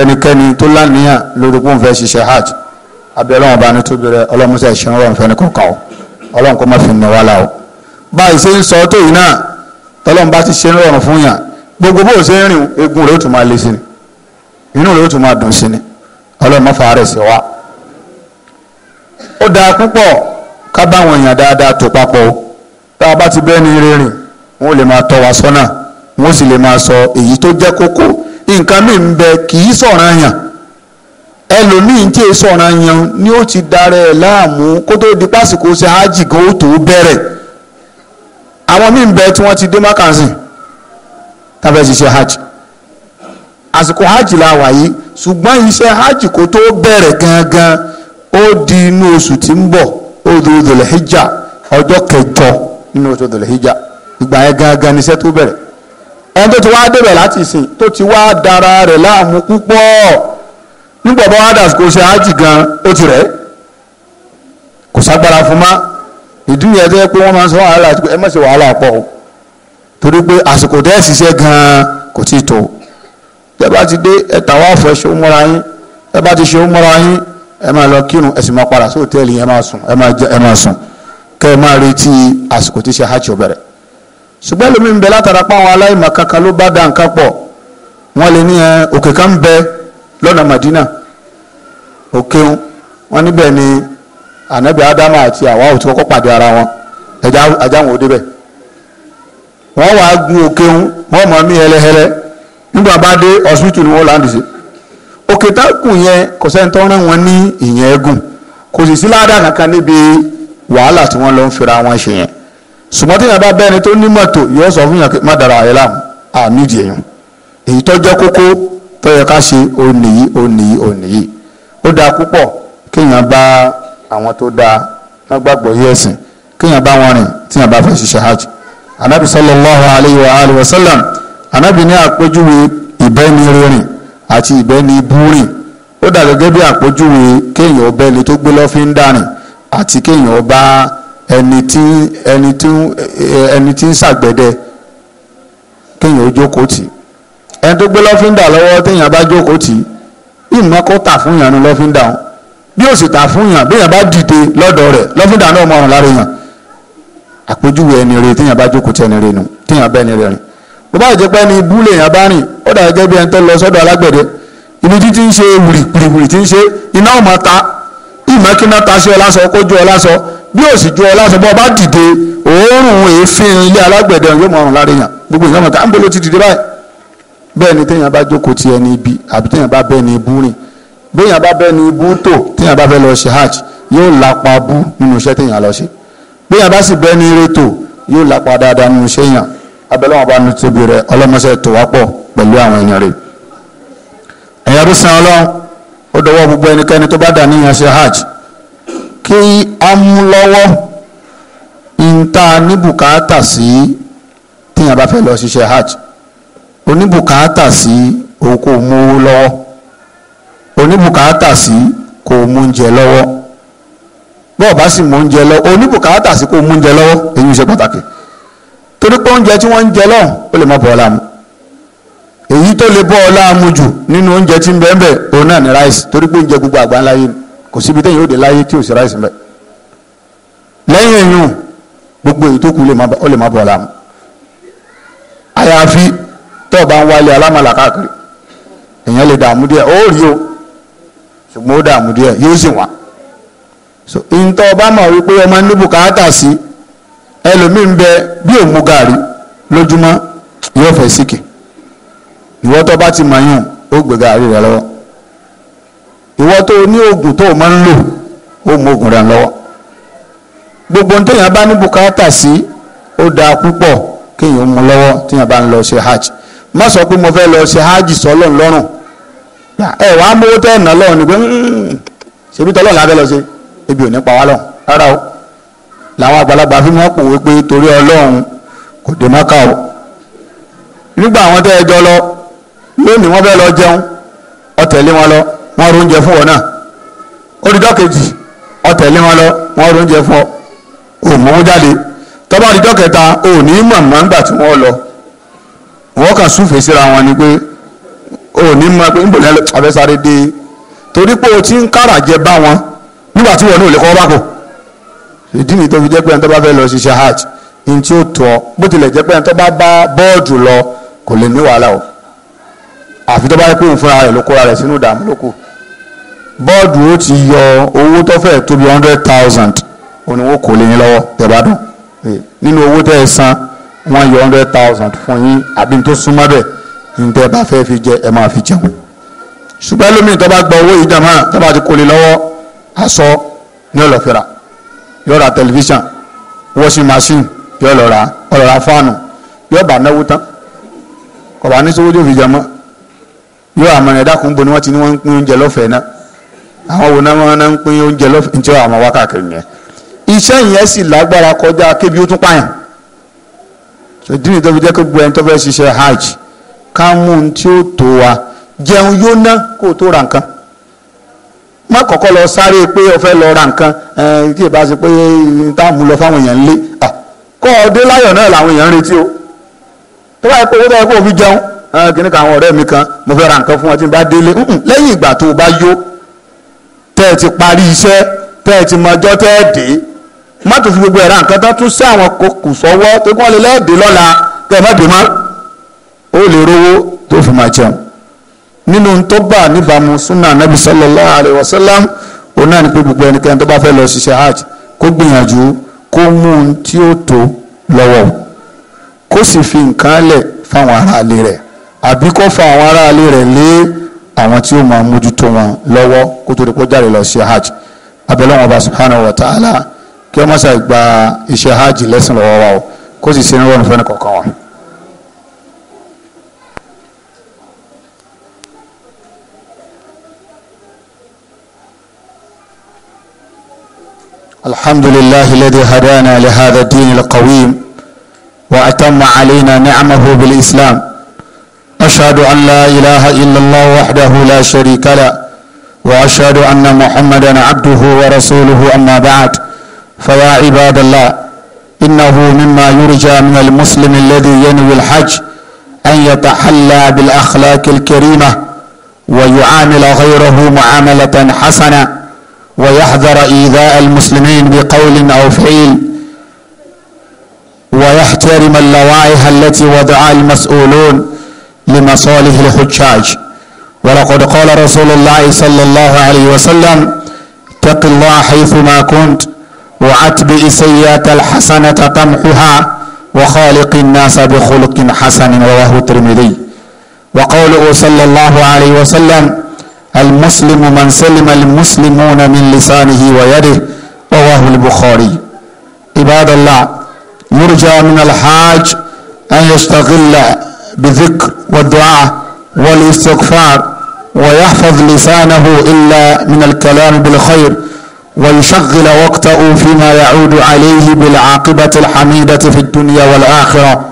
ẹnikẹ́ni tó láníyàn lórí pé ṣiṣẹ́ hajj abẹ́rẹ́ wọn bá ní tóbi rẹ ọlọ́mọṣẹ́ ìṣẹ́ wọn fẹ́ ní kọ̀ọ̀kan o ọlọ́run kó má fi nà wá la o. báyìí ṣe ń sọ tó yìí náà tọ́lọ́run bá ti ṣe ń rọrùn fún yàn gbogbo bó o ṣe ń rìn egun rẹ ó tún máa le sí ni inú rẹ ó tún máa dùn sí ni ọlọ́run má fa rẹ̀ sí wa. ó dáa púpọ̀ ká báwọn èèyàn dáadáa tó papọ̀ o tá a bá ti bẹ́ẹ̀ ní eré rìn wọn ò lè máa tọ́ wa sọ́nà wọn ò sì lè máa sọ èyí tó jẹ́ kókó nǹkan mìíràn bẹ kì í sọ̀ràn yàn ẹlòmíín tí èso ọ̀ràn yan ni ó ti darẹ̀ láàmú kó tó di pásìkò ṣe hájì gan tó bẹ̀rẹ̀ àwọn míín tí wọ́n ti dé mákànsìn tàbí ti ṣe hájì àsìkò hájì la wà yìí ṣùgbọ́n iṣẹ́ hájì kó tó bẹ̀rẹ̀ gangan ó di inú oṣù tí ń bọ̀ ó di kẹjọ oṣù ìgbà gangan ni iṣẹ́ tó bẹ̀rẹ̀ ẹni tó ti wá débẹ̀ láti ìsìn tó dara rẹ̀ láàmú púpọ̀ nígbà bá wá dà kó ṣe ájì gan ó ti rẹ̀ kò ságbára fún ma ìdí yẹn tó yẹ pé wọ́n máa ń sọ wàhálà ẹ má ṣe wàhálà pọ̀ o torí pé àsìkò tẹ́ ẹ̀ ṣiṣẹ́ gan-an kò tí ì tó tẹ́ bá ti dé ẹ̀ta wá fọ ṣe ó mọ́ra yín tẹ́ bá ti ṣe ó mọ́ra yín ẹ máa lọ kírun ẹ sì máa padà sí òtẹ́ẹ̀lì yẹn máa sùn ẹ máa jẹ ẹ máa sùn kẹ́ ẹ máa retí àsìkò tí ṣe hajj ó bẹ̀rẹ̀ ṣùgbọ́n lómi ń bẹ látara páwọn aláìmọ̀ kankan ló bá da nǹkan pọ̀ wọ́n lè ní ẹ òkè kan bẹ lọ́nà Madina òkèun wọn níbẹ̀ ni ànábì ádámà àti awa otu kọ́kọ́ pàdé ara wọn ẹja wọn ò débẹ̀ wọ́n wàá gun òkèun wọ́n mọ̀ mí hẹlẹhẹlẹ nígbà bá dé hospital ni wọ́n láǹdì sí òkè tákùn yẹn kò sẹ́ni tó wọn ní ìyẹn ẹ̀gùn kò sì sí ládàá kankan níbi wàhálà tí wọ́n lọ ń fira wọn ṣe yẹn ṣùgbọ́n tó ní mọ́tò yóò sọ fún yàrá má dara àyè láàmú àmì ìdí èyí tó kókó tó ká ṣe òní òní òní yìí ó dáa púpọ̀ kéèyàn bá àwọn tó dáa wọ́n gbàgbọ́ yé ẹ̀sìn kéèyàn bá wọn rìn tíyàn bá fẹ́ ṣiṣẹ́ hajj anabi sallallahu alayhi wa alayhi wa sallam anabi ní àpèjúwe ìbẹ́ni rírìn àti ìbẹ́ni búrìn ó dà gẹ́gẹ́ bí àpèjúwe kéèyàn ọbẹ̀ ni tó gbé lọ́fíńdà rìn àti kéèyàn ọba ẹni tí ẹni tí ẹni tí ń ṣàgbẹ̀dẹ kéèyàn ó jókòó tì ẹni tó gbé lọ́fíńdà lọ́wọ́ téèyàn bá jókòó tì í ìmọ̀ kó tà fún yàn ní lọ́fíńdà wọn bí ó sì tà fún yàn bí yàn bá dìde lọ́dọ̀ rẹ̀ lọ́fíńdà náà mọ̀ràn lára yàn àpèjúwe ẹni rẹ̀ téèyàn bá jókòó tí ẹni rẹ̀ nù téèyàn bá ẹni rẹ̀ rìn bó bá jẹ́ pé ẹni búlẹ̀ yàn bá rìn ó dà gẹ́gẹ́ bí ẹni tó lọ sọ́dọ̀ alágbẹ̀dẹ ibi títí ń ṣe wùrìwùrì tí ń ṣe iná ọmọ ta ìmọ̀ kí iná ta sí ọ lásọ kó ju ọ lásọ bí ó sì ju ọ lásọ bó bá dìde òórùn èéfín ilé alágbẹ̀dẹ yóò mọ̀ràn lára yàn gbogbo ìyá mọ̀ta ń bolo ti dìde báyìí bẹ́ẹ̀ ni téèyàn bá jókòó ti ẹni ibi àbí téèyàn bá bẹ́ẹ̀ ni ibú rìn béèyàn bá bẹ́ẹ̀ ni ibú tò téèyàn bá fẹ́ lọ ṣe hajj yóò lápa bú nínú iṣẹ́ téèyàn lọ ṣe béèyàn bá sì bẹ́ẹ̀ ni ire tò yóò lápa dáadáa nínú iṣẹ́ yàn abẹ́lẹ́ wọn bá nu tóbi rẹ ọlọ́mọṣẹ́ tó wá pọ̀ pẹ̀lú àwọn èèyàn rẹ̀ ẹ̀yà ló san ọlọ́run ó dọwọ́ gbogbo ẹnikẹ́ni tó bá dà níyàn ṣe hajj kí á mú lọ́wọ́ ìta ní bùkátà sí téèyàn bá fẹ́ lọ ṣiṣẹ́ hajj oníbùkátà sí òun kò mú owó lọ́wọ́ oníbùkátà sí kò mú oúnjẹ lọ́wọ́ bọ́ọ̀ bá sì mú oúnjẹ lọ́wọ́ oníbùkátà sí kò mú oúnjẹ lọ́wọ́ èyí ṣe pàtàkì torí pé oúnjẹ tí wọ́n ń jẹ lọ́hùn ó lè má bọ́ ọ́ láàmú èyí tó lè bọ́ ọ́ láàmú jù nínú oúnjẹ tí ń bẹ́ẹ̀ bẹ́ẹ̀ òun náà ní ráìsì torí pé oúnjẹ gbogbo àgbà ńlá yé ni kò síbi téèyàn ó dé láyé tí ò sí ráìsì mbẹ lẹ́yìn èèyàn gbogbo èyí tó kù lè má bọ́ ọ́ láàmú àyàfi tó o bá ń wálé alámàlà káàkiri èèyàn lè dààmú díẹ̀ ó rí o ṣùgbọ́n ó dààmú díẹ̀ yóò sì wá so ìntọ́ ọba mọ̀ wípé ọmọ ní bùkátà sí ẹlòmíín bẹ bí òmu gàrí lójúmọ́ yóò fẹ́ síkì ìwọ́ tó bá ti mọ̀ ó gbé gàrí rẹ lọ́wọ́ ìwọ́ tó ní o máa ń lò ó mú oògùn rẹ lọ́wọ́ gbogbo sí ó dáa púpọ̀ kéèyàn mú lọ́wọ́ bá hajj má sọ pé mo fẹ́ lọ ṣe hajj sọlọ́n lọ́rùn ẹ wàá mówó tẹ́ ẹ̀nà lọ ni hmm, ṣèbí la lọ ṣe ebi ò ní pa wá rárá o làwọn àgbàlagbà fi pé torí ọlọrun kò dé o nígbà àwọn lọ lónìí wọ́n fẹ́ lọ jẹun wọn lọ fún náà kejì wọn lọ ọ òmùú jáde tọ́ba kẹta òní tí wọ́n wọ́n kàn súfèé síra wọn ni pé o ní mọ pé nbọ̀lẹ́ abẹ́sáré dé torí pé o ti ń kára jẹ bá wọn nígbà tí wọn ò lè kọ́ bá kò ìdí nìyí tó fi jẹ́ pé ẹni tó bá fẹ́ lọ ṣiṣẹ́ hajj ní tí ó tọ́ bó tilẹ̀ jẹ́ pé ẹni tó bá bá bọ́ọ̀dù lọ kò lè ní wàhálà o àfi tó bá pé òun fúnra rẹ̀ ló kóra rẹ̀ sínú ìdààmú lóko bọ́ọ̀dù ó ti yọ owó tó fẹ́ tó hundred thousand òun ni wọ́n kò lè yín lọ́wọ́ tẹ̀ bá dùn nínú owó tẹ́ ẹ san wọ́n yọ hundred thousand fún yín àbí tó súnmọ́ bẹ̀ ǹtẹ́ bá fẹ́ fi jẹ ẹ máa fi jẹun ṣùgbọ́n lómìn tó bá gba owó yìí dàmọ́ tó bá ti kò lè lọ́wọ́ aṣọ ní ọlọ́fẹ́ra yóò ra tẹlifíṣàn washing machine yóò lọ ra ọ̀rọ̀ ra fáànù yóò bá náwó tán kò bá ní sówó tó fi jẹ mọ́ yóò àmọ́ ẹ̀dá kún bo ni wọ́n ti ní wọ́n ń pín oúnjẹ lọ́fẹ̀ẹ́ náà àwọn wo náà wọ́n ń pín oúnjẹ lọ́fẹ̀ẹ́ ní tí wọ́n àmọ́ wákàkiri yẹn iṣẹ́ yẹn sì lágbára kọjá kébi ó tún pààyàn ìdí nìyí tó fi jẹ́ pé gbogbo ẹni tó fẹ́ ṣiṣẹ́ hajj ká mú un tí ó tó wa jẹun yóò ná kó o tó ra nǹkan má kọ́kọ́ lọ sáré pé o fẹ́ lọ ra nǹkan kí ẹ bá ṣe pé táàmù lọ fáwọn èèyàn lé kọ́ ọ dé láyọ̀ náà làwọn èèyàn ń retí o tó bá yẹ pé owó tó yẹ kó o fi jẹun kíní kan àwọn ọ̀rẹ́ mi kan mo fẹ́ ra nǹkan fún wọn tí n bá délé lẹ́yìn ìgbà tó o bá yó tẹ́ ẹ ti parí iṣẹ́ tẹ́ ẹ ti mọjọ́ tẹ́ ẹ dé mọ́tò fi gbogbo ẹ̀rá nǹkan tó tún sí àwọn kò sọ́wọ́ tó kí wọ́n lè lọ́la kẹ́ má ó lè rówó tó fi máa jẹun nínú tó níbàámu súnà anábì òun náà pé gbogbo ẹnikẹ́ni tó bá fẹ́ lọ ṣiṣẹ́ hajj kó gbìyànjú kó mú un tí ó tó lọ́wọ́ kó fi nǹkan lẹ̀ fáwọn aráalé rẹ̀ àbí kó fa àwọn aráalé rẹ̀ lé àwọn tí ó máa mójútó wọn kí wọ́n sà gba iṣẹ́ hajj lẹ́sìn lọ́wọ́ wa o kó sì ṣe níwọ̀n fẹ́ni kọkan wa. الحمد لله الذي هدانا لهذا الدين القويم وأتم علينا نعمه بالإسلام أشهد أن لا إله إلا الله وحده لا شريك له وأشهد أن محمدا عبده ورسوله أما بعد فيا عباد الله إنه مما يرجى من المسلم الذي ينوي الحج أن يتحلى بالأخلاق الكريمة ويعامل غيره معاملة حسنة ويحذر إيذاء المسلمين بقول أو فعل ويحترم اللوائح التي وضعها المسؤولون لمصالح الحجاج ولقد قال رسول الله صلى الله عليه وسلم اتق الله حيثما كنت وعتبئ سيئة الحسنة تمحها وخالق الناس بخلق حسن رواه الترمذي وقوله صلى الله عليه وسلم المسلم من سلم المسلمون من لسانه ويده رواه البخاري عباد الله يرجى من الحاج أن يشتغل بالذكر والدعاء والاستغفار ويحفظ لسانه إلا من الكلام بالخير ويشغل وقته فيما يعود عليه بالعاقبة الحميدة في الدنيا والآخرة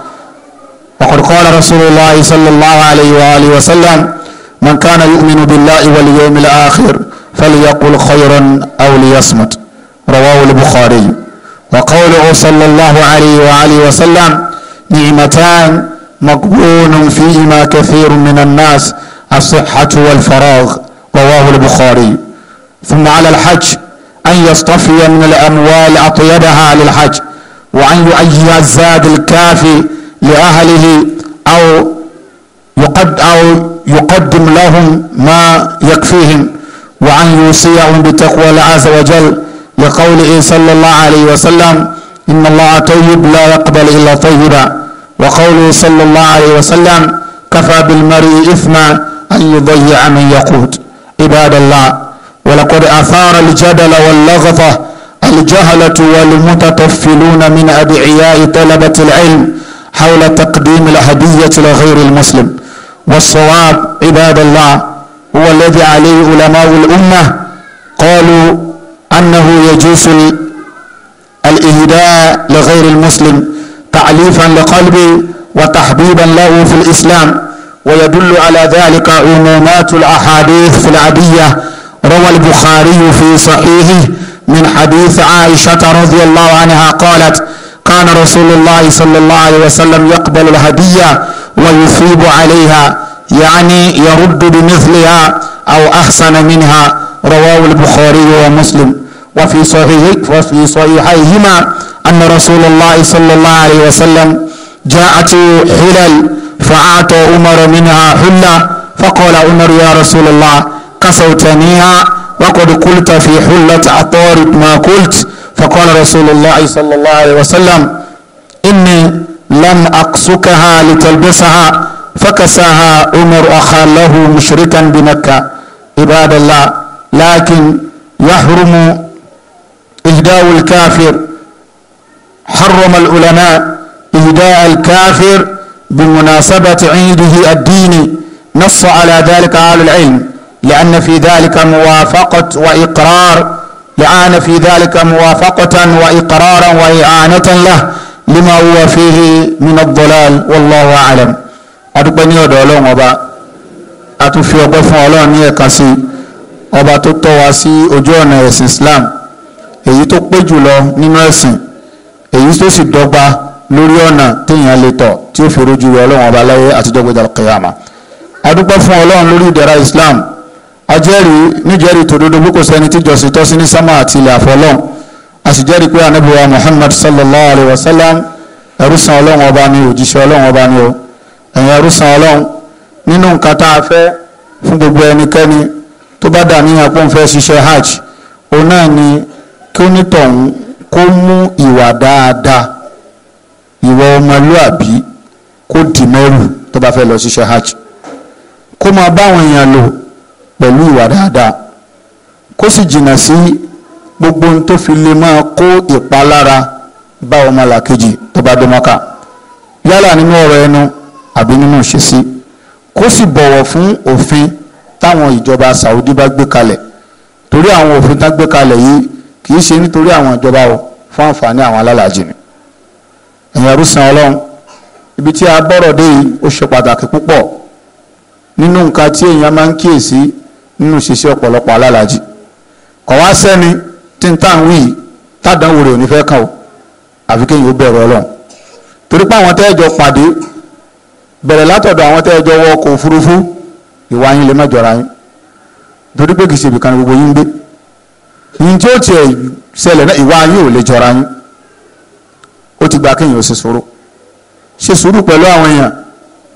وقد قال رسول الله صلى الله عليه وآله وسلم من كان يؤمن بالله واليوم الآخر فليقل خيرا أو ليصمت رواه البخاري وقوله صلى الله عليه وآله وسلم نعمتان مقبول فيهما كثير من الناس الصحة والفراغ رواه البخاري ثم على الحج أن يصطفي من الأموال أطيبها للحج وأن يؤيي الزاد الكافي لأهله أو يقد أو يقدم لهم ما يكفيهم وأن يوصيهم بتقوى الله عز وجل لقوله صلى الله عليه وسلم إن الله طيب لا يقبل إلا طيبا وقوله صلى الله عليه وسلم كفى بالمرء إثما أن يضيع من يقود عباد الله لقد أثار الجدل واللغط الجهلة والمتطفلون من أدعياء طلبة العلم حول تقديم الهدية لغير المسلم والصواب عباد الله هو الذي عليه علماء الأمة قالوا أنه يجوز الإهداء لغير المسلم تعليفا لقلبه وتحبيبا له في الإسلام ويدل على ذلك عمومات الأحاديث في العدية روى البخاري في صحيحه من حديث عائشة رضي الله عنها قالت كان رسول الله صلى الله عليه وسلم يقبل الهدية ويثيب عليها يعني يرد بمثلها أو أحسن منها رواه البخاري ومسلم وفي صحيح وفي صحيحيهما أن رسول الله صلى الله عليه وسلم جاءت حلل فأعطى عمر منها حلة فقال عمر يا رسول الله كسوتنيها وقد قلت في حلة عطارد ما قلت فقال رسول الله صلى الله عليه وسلم إني لم أقصكها لتلبسها فكساها عمر أخا له مشركا بمكة عباد الله لكن يحرم إهداء الكافر حرم العلماء إهداء الكافر بمناسبة عيده الديني نص على ذلك أهل العلم لأن في ذلك موافقة وإقرار لأن في ذلك موافقة وإقرارا وإعانة له لما هو فيه من الضلال والله أعلم أدوك ني ọ̀dọ̀ Ọlọ́run Ọba a tún fi ọpẹ́ fún Ọlọ́run ní ẹ̀kan sí Ọba tó tọ́ wa sí ojú ọ̀nà ẹ̀sìn Islam èyí tó pé jùlọ nínú ẹ̀sìn èyí tó sì dọ́gba lórí ọ̀nà téèyàn lè tọ̀ tí ó fi rojú Ọlọ́run Ọba láyé àtijọ́ gbẹdàgbẹ́ kẹyàmà a dúpẹ́ fún Ọlọ́run lórí ìdẹ̀ra Islam ajẹ́rìí níjẹ́rìí tòdodo bí kò sẹ́ni tí jọ́sìn tọ́ sí ní sámà àti ilẹ̀ àfọlọ́n a sì jẹ́rìí pé ànábì wa muhammad sallallahu alayhi wa sallam ẹrúsàn ọlọ́run ọba ni òjíṣẹ́ ọlọ́run ọba ni o ẹ̀yin ẹrúsàn ọlọ́run nínú nǹkan tá a fẹ́ fún gbogbo ẹnikẹ́ni tó bá dà níyàn pé òun fẹ́ ṣiṣẹ́ hajj òun náà ni kí ó nítọ̀hún kó mú ìwà dáadáa ìwà ọmọlúàbí kó dì mẹ́rù tó bá fẹ́ lọ ṣiṣẹ́ hajj kó máa báwọn èèyàn lò pẹ̀lú ìwà dáadáa kó sì jìnnà sí gbogbo ohun tó fi lè máa kó ìpalára bá ọmọlàkejì tó bá dọmọka yálà nínú ọ̀rọ̀ ẹnu àbí nínú ìṣesí kó sì bọ̀wọ̀ fún òfin táwọn ìjọba Saudi bá gbé kalẹ̀ torí àwọn òfin tá gbé kalẹ̀ yìí kì í ṣe nítorí àwọn ìjọba o fún àǹfààní àwọn alálàájì ni ẹ̀yin arúsàn ọlọ́run ibi tí a bọ́rọ̀ dé yìí ó ṣe pàtàkì púpọ̀ nínú nǹkan tí èèyàn máa ń kíyèsí nínú ṣiṣẹ́ ọ̀pọ̀lọpọ̀ alálàájì kọ̀ wá sẹ́ni tí ń tàn wí tádánwò rẹ̀ ò ní fẹ́ kàn ó àfi kéèyàn ó bẹ̀rù ọlọ́run torí pé àwọn tẹ́ẹ̀jọ pàdé bẹ̀rẹ̀ látọ̀dọ̀ àwọn tẹ́ẹ̀jọ wọ ọkọ̀ òfurufú ìwà yín lè má jọra yín torí pé kì í ṣe ibìkan ni gbogbo yín gbé yín tí ó tiẹ̀ ṣẹlẹ̀ náà ìwà yín ò lè jọra yín ó ti gba kéèyàn ó ṣe sùúrù ṣe sùúrù pẹ̀lú àwọn èèyàn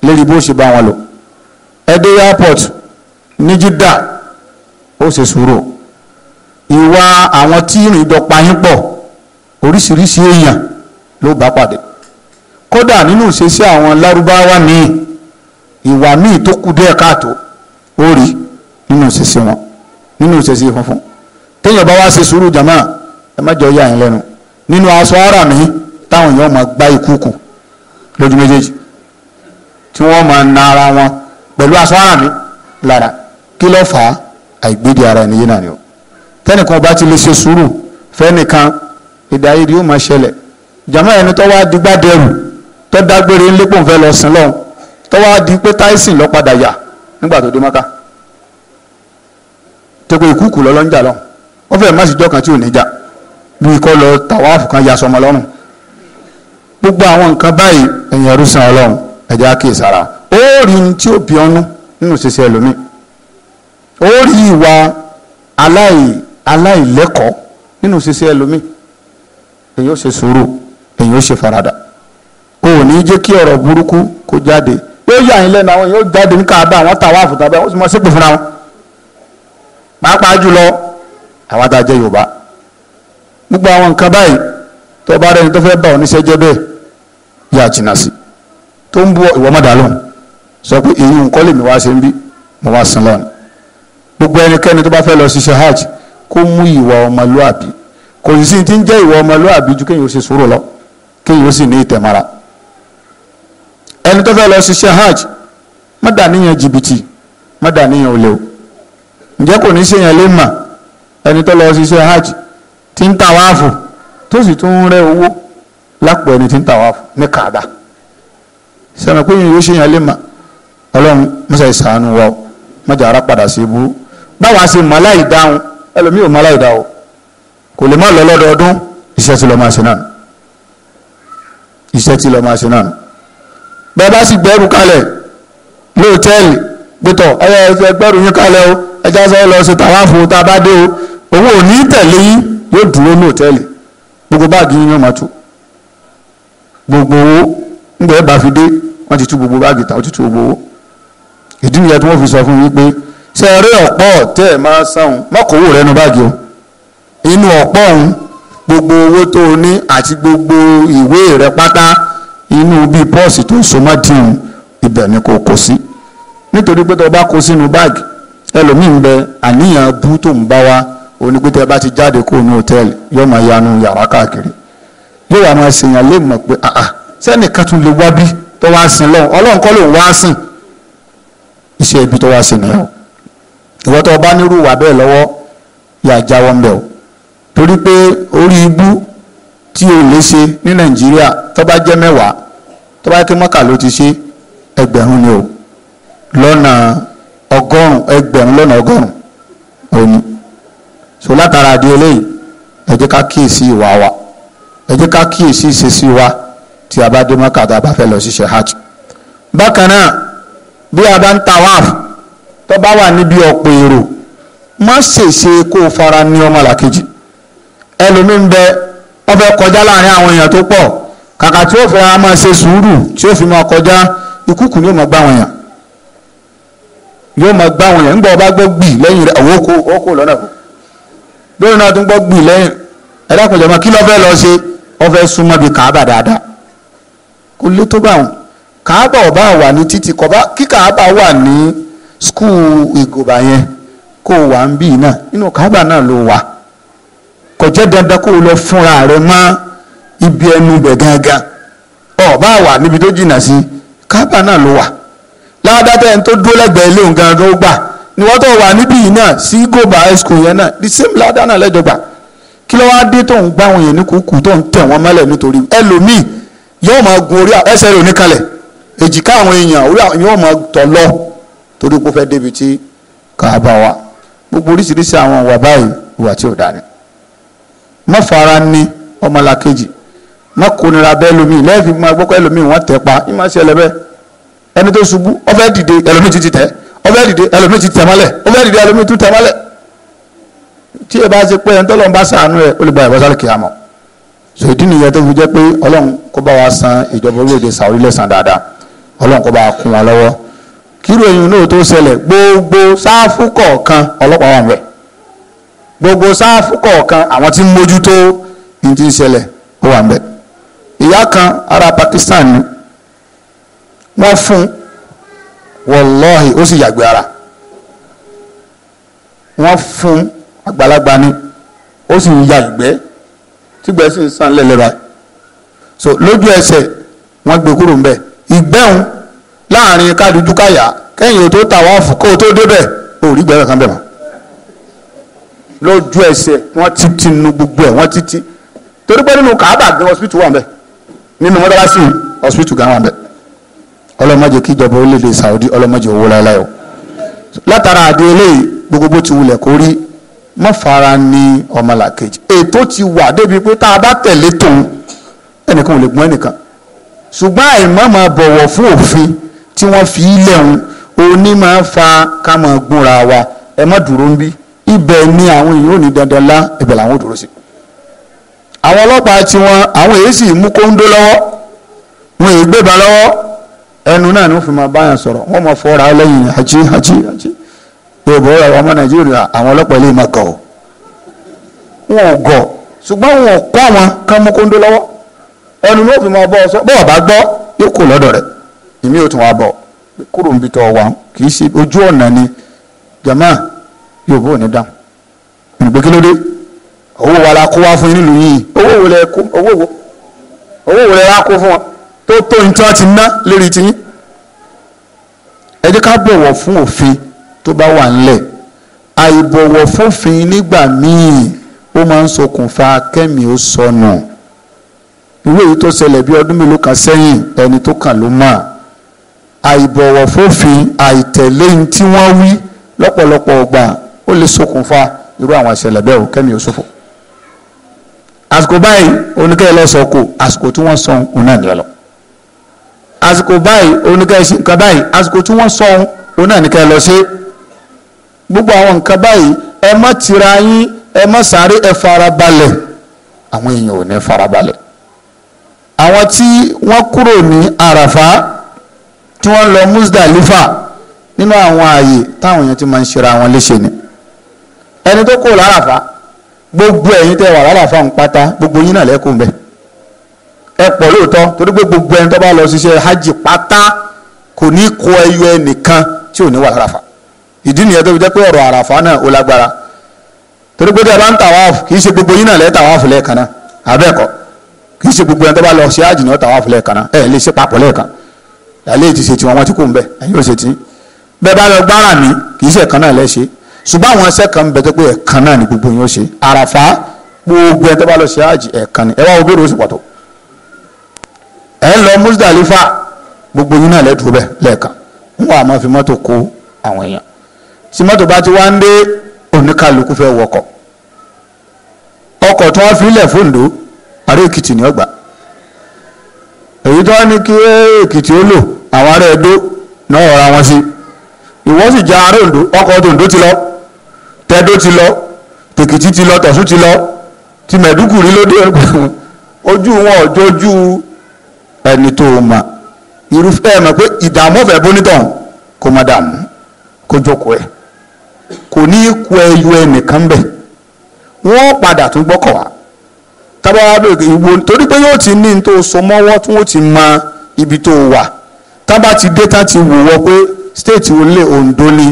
lérí bó ṣe bá wọn lò ẹ dé airport ní Juda ó ṣe sùúrù ìwà àwọn tí ìrìn dọ̀pa yín pọ̀ oríṣiríṣi èèyàn ló bá pàdé kódà nínú ìṣesí àwọn lárúbáwá míì ìwà míì tó kù díẹ̀ káàtó ó rí nínú ìṣesí wọn nínú ìṣesí funfun téèyàn bá wá ṣe sùúrù jàmá ẹ má jọ yà yín lẹ́nu nínú aṣọ ara mi táwọn èèyàn máa gbá ikú kù lójú méjèèjì tí wọ́n máa na ara wọn pẹ̀lú aṣọ ara mi lára. kí ló fà á àìgbédi ara ẹni yìí náà ni o tẹnìkan bá ti lè ṣe sùúrù fẹnìkan èdè ayédi yóò máa ṣẹlẹ̀ jàmọ́ ẹni tó wá digbá dẹrù tó dágbére ńlẹ́pọ̀ nfẹ́ lọ sìn lọ́hùn tó wá di pé Tyson lọ padà yà nígbà tó dé mọ́ká tẹ́kọ̀ ìkúùkù lọ́lọ́ ń jà lọ́hùn ó fẹ́ẹ̀ má sì jọ́ kan tí ò ní jà bí ikọ́ lọ tàwáàfù kan ya sọmọ lọ́rùn gbogbo àwọn nǹkan báyìí ẹ̀yìn ẹrú san ọlọ́run ẹ̀jẹ̀ á kì í ó rí ní tí ó bí ọ́nú nínú ṣiṣẹ́ ẹlòmíì ó rí ìwà aláìlẹ́kọ̀ọ́ nínú ninu ẹlòmíì èyí ó ṣe sùúrù èyí ó ṣe faradà kò ní jẹ́ kí ọ̀rọ̀ burúkú kó jáde yóò yà yín lẹ́nu àwọn yóò jáde ní káàbá àwọn tàwa àfùtà bẹ́ẹ̀ wọ́n sì mọ sípò fúnra wọn pàápàá jùlọ àwọn tá Yorùbá gbogbo àwọn nǹkan báyìí tó bá rẹni tó fẹ́ bá oníṣẹ́ jẹ́ bẹ́ẹ̀ yà jìnnà sí tó ń gbogbo ẹnikẹ́ni tó bá fẹ́ lọ ṣiṣẹ́ hajj kó mú ìwà ọmọlúàbí kò sì sí ti ń jẹ́ ìwà ọmọlúàbí ju kéèyàn ó ṣe sùúrù lọ kéèyàn ó sì ní ìtẹ̀mára ẹni tó fẹ́ lọ ṣiṣẹ́ hajj má dà níyàn jìbìtì má dà níyàn olè o ǹjẹ́ kò ní ṣèyàn ló mà ẹni tó lọ ṣiṣẹ́ hajj ti ń tàwáàfù tó sì tún ń rẹ owó lápò ẹni ti ń tàwáàfù ní kàdá sẹ́nu pé yìnyín yóò ṣèyàn ló mà ọlọ́run mọ́sá ìsàánú wa mọ́jà ara padà sí ibú báwa ṣe mọ̀lá ìdáhùn ẹlòmíì ò mọ̀lá ìdáhùn kò lè má lọ lọ́dọọdún iṣẹ́ tí lọ máa ṣe náà iṣẹ́ tí lọ máa ṣe náà bẹ́ẹ̀ bá sì gbẹ́rù kalẹ̀ lóòtẹ́ẹ̀lì gbẹtọ̀ ẹyẹ ẹgbẹ́ gbẹ́rù yín kalẹ̀ o ẹjá sọ́ọ́ lọ ṣe tàwáfù tá a bá dé o owó ò ní tẹ̀lé yín yóò dúró lóòtẹ́ẹ̀lì gbogbo báàgì yín yóò máa tú gbogbo owó ńgbẹ́ bá fi dé wọ́n ti tú gbogbo báàgì ta ó ti tú gbogbo owó ìdí nìyẹn tí wọ́n fi sọ fún yín pé sẹ́ẹ̀rí ọ̀pọ̀ tẹ́ ẹ̀ máa sáhùn mọ́kòwò rẹ̀ nu báàgì o inú ọ̀pọ̀ ọ̀hún gbogbo owó tó o ní àti gbogbo ìwé rẹ̀ pátá inú bíi pọ́ọ̀sì tó so dìhun ibẹ̀ ni kò kó sí nítorí pé tó o bá kó sínú báàgì ẹlòmíì ń bẹ àníyàn bú tó ń bá wa onígbẹ́tẹ́ bá ti jáde kó ní hòtẹ́ẹ̀lì yóò máa yanu yàrá káàkiri yóò wá máa ṣèyàn lè mọ̀ pé àà sẹ́nìkan tún lè wá bí tó wá sìn lọ́wọ́ ọlọ́run kọ́ ló wá sìn iṣẹ́ ibi tó wá sìn nìyẹn o ìwọ́n tó bá nírú wà bẹ́ẹ̀ lọ́wọ́ yà jáwọ́ ń bẹ̀ o torí pé orí ibú tí o lè ṣe ní nàìjíríà tó bá jẹ́ mẹ́wàá tó bá kí mọ́kà ló ti ṣe ẹgbẹ̀rún ni o lọ́nà ọgọ́rùn ẹgbẹ̀rún lọ́nà ọgọ́rùn òní so látara di eléyìí ẹ jẹ́ ká kíyèsí ìwà wa ẹ jẹ́ ká kíyèsí ìṣesí wa tí a bá dé mọ́kà tá a bá fẹ́ lọ ṣiṣẹ́ hajj bákan náà bí a bá ń tawaf tó bá wà níbi ọ̀pọ̀ èrò má ṣèṣe kó o fara ní ọmọ làkejì ẹlòmíín bẹ wọn kọjá láàrin àwọn èèyàn tó pọ̀ kàkà tí ó fẹ́ máa ṣe sùúrù tí ó fi máa kọjá ìkùkù ni máa gbá yóò máa gbá ọba gbọ́ gbì lẹ́yìn àwọn oko oko gbọ́ gbì lẹ́yìn máa kí kí kàábà skul ìgòbà yẹn kó o wà ń bì náà nínú kábà náà ló wà kò jẹ́ dandan kó o lọ fúnra rẹ mọ́ ibi ẹnu bẹ̀ gángan ọ̀ bá wà níbi tó jìnnà sí kábà náà ló wà ládàtà ẹni tó dúró lẹ́gbẹ̀ẹ́ ilé nǹkan tó gbà ni wọ́n tó wà níbí yìí náà high school yẹn náà the same ládà náà lẹ́jọ́ kí ló wáá dé tó ń gbá yẹn ní kúkú tó ń tẹ̀ wọ́n mọ́lẹ̀ nítorí ẹlòmíì yóò máa gun orí ẹsẹ̀ rẹ̀ oníkalẹ̀ èjìká àwọn èèyàn yóò máa lọ torí kó fẹ́ débi tí káàbà wa gbogbo oríṣiríṣi àwọn ìwà báyìí ìwà tí ò dání má fara ní ọmọlàkejì má kónira bẹ́ẹ̀ lómi lẹ́ẹ̀fì máa gbọ́kọ́ ẹlòmíì wọ́n tẹ̀ pa ìmọ̀ sí ẹlẹ́bẹ̀ ẹni tó ṣubú ó fẹ́ dìde ẹlòmíì ti ti tẹ̀ ó fẹ́ dìde ẹlòmíì ti tẹ̀ mọ́lẹ̀ ó fẹ́ dìde ẹlòmíì tún tẹ̀ mọ́lẹ̀ tí ẹ bá ṣe pé ẹni tọ́lọ́run bá ṣàánú ẹ ó lè gba ìbọ́sálì kìámọ̀ so kíròyìn náà tó ṣẹlẹ̀ gbogbo sáfù kọ̀ọ̀kan ọlọ́pàá wà ńbẹ̀ gbogbo sáfù kọ̀ọ̀kan àwọn tí ń mójútó ní ti ń ṣẹlẹ̀ ó wà ìyá kan ará Pakistan ni wọ́n fún wọ́lọ́ọ̀hì ó sì yàgbé ara wọ́n fún àgbàlagbà ni ó sì ń ya ìgbẹ́ tígbẹ́ sì ń lẹ́lẹ́ra so lójú ẹsẹ̀ wọ́n gbé kúrò ńbẹ̀ ìgbẹ́hùn láàrin kádùjú káyà kẹ́yìn ò tó tàwáàfù kó o tó débẹ̀ ò rí gbẹ́rẹ̀ kan bẹ̀ mọ́ lójú ẹsẹ̀ wọ́n ti ti nu gbogbo ẹ̀ wọ́n ti ti torí pé nínú kàábà gan hospital wà ń bẹ̀ nínú mọ́tàlásì hospital gan wà ń bẹ̀ ọlọ́mọdé kíjọba orílẹ̀ Saudi ọlọ́mọdé owó láéláé o látara àdé eléyìí gbogbo bó ti wulẹ̀ kó rí má fara ní ọmọlàkejì ètò ti wà débi pé tá a bá tẹ̀lé tòun ẹnìkan ò lè gbọ́n ẹnìkan ṣùgbọ́n àìmọ́ máa bọ̀wọ̀ fún òfin tí wọ́n fi ilẹ̀ ń oní máa fa kama máa wa ẹ má dúró ń ni àwọn èèyàn ò ní dandan làwọn ò dúró àwọn ọlọ́pàá tí àwọn èyí sì lọ́wọ́ wọn èyí lọ́wọ́ ẹnu náà ni wọ́n fi máa báyàn sọ̀rọ̀ wọ́n máa fọ́ra lẹ́yìn àjí àjí àjí yorùbá ọ̀rọ̀ ọmọ nàìjíríà àwọn ọlọ́pàá ilé wọn ṣùgbọ́n wọn kọ́ ẹnu ni wọ́n fi máa bọ́ ọ sọ bá ìmí ò tún wá bọ̀ kúrò níbi tó wà kì í ṣe ojú ọ̀nà ni jama yóò bó ní dáhùn ìgbé kí ló dé owó wa la kó wá fún yín nílùú yìí owó wo lẹ kó owó wo owó wo lẹ wá kó fún wọn tó tó ní tí wọ́n ti ná lérí tiyín ẹ ká bọ̀wọ̀ fún òfin tó bá wà ńlẹ̀ àìbọ̀wọ̀ fófin nígbà míì ó máa ń ṣokùnfà kẹ́mi ó sọnù ìwé yìí tó ṣẹlẹ̀ bí ọdún mélòó kan sẹ́yìn ẹni tó kàn ló máa àìbọ̀wọ̀ fófin àìtẹ̀lé ní tí wọ́n wí lọ́pọ̀lọpọ̀ ọgbà ó lè ṣokùnfà irú àwọn ìṣẹ̀lẹ̀ bẹ́ẹ̀ ò kẹ́mi ò ṣòfò àsìkò báyìí oníkẹ́ lọ sọ kò àsìkò tí wọ́n sọ òun náà nìyẹn lọ àsìkò báyìí oníkẹ́ ṣe nǹkan báyìí àsìkò tí wọ́n sọ òun náà nìkẹ́ lọ ṣe gbogbo àwọn nǹkan báyìí ẹ má tira yín ẹ má sáré ẹ farabalẹ̀ àwọn èèyàn ò ní farabalẹ̀ àwọn tí wọ́n kúrò ní àràfá tí wọ́n lọ Musdalifa nínú àwọn ààyè táwọn èèyàn ti máa ń ṣera wọn léṣe ni ẹni tó kó láràfá gbogbo ẹ̀yin tẹ́ wà láràfá ń pátá gbogbo yín náà lẹ́kùn bẹ́ẹ̀ ẹ pọ̀ lóòótọ́ torí pé gbogbo ẹni tó bá lọ ṣiṣẹ́ hajj pátá kò ní kó ẹyọ ẹnìkan tí ò ní wà láràfá ìdí nìyẹn tó fi jẹ́ pé ọ̀rọ̀ àràfá náà ó lágbára torí pé tí a bá ń tàwáàfù kì í ṣe gbogbo yín náà lẹ́ tàwáàfù lẹ́ẹ̀kan náà àbẹ́ẹ̀kọ́ kì í ṣe gbogbo ẹni tó bá lọ ṣe hajj náà tàwáàfù lẹ́ẹ̀kan náà ẹ̀ lè ṣe papọ̀ lẹ́ẹ̀kan alẹ́ ti ṣe tiwọn wọn ti kó ń bẹ ẹ̀yin ò ṣe tí bẹ́ẹ̀ bá lọ gbára mi kì í ṣe ẹ̀kan náà lẹ́ṣẹ̀ ṣùgbọ́n àwọn ẹsẹ̀ kan bẹ tó pé ẹ̀kan náà ni gbogbo yín ó ṣe àràfà gbogbo ẹ̀ tó bá lọ ṣe àjì ẹ̀kan ni ẹ wá obìnrin oṣù pọ̀tọ̀ ẹ̀ ń lọ Musdalifa gbogbo yín náà lẹ́dùn bẹ́ẹ̀ lẹ́ẹ̀kan ń wà máa fi mọ́tò kó àwọn èèyàn tí mọ́tò bá ti wá ń dé oníkàlùkù fẹ́ wọkọ̀ ọkọ̀ tí wọ́n fi fóńdó àrí èkìtì ní ọgbà èyí tó wá ní kí èkìtì ó lò àwọn ará Ẹdó náà ọ̀rọ̀ àwọn sí ìwọ sì jẹ́ ará Oǹdó ọkọ̀ ti lọ tẹ́dó ti lọ tèkìtì ti lọ tọ̀sún ti lọ ti mẹ̀dúkùrí lóde ojú wọn ọjọ́ ojú ẹni tó o mà irúfẹ́ ẹ̀ mọ̀ pé ìdààmú ọ̀fẹ́ kò má dààmú jókòó ẹ̀ kò ní í kú ẹyọ ẹnìkan bẹ̀ wọ́n padà tún gbọ́kọ̀ wá tábà so mọ́wọ́ tí ibi tó wà tábà ti dé tá ti wò wọ pé state olè Ondo ni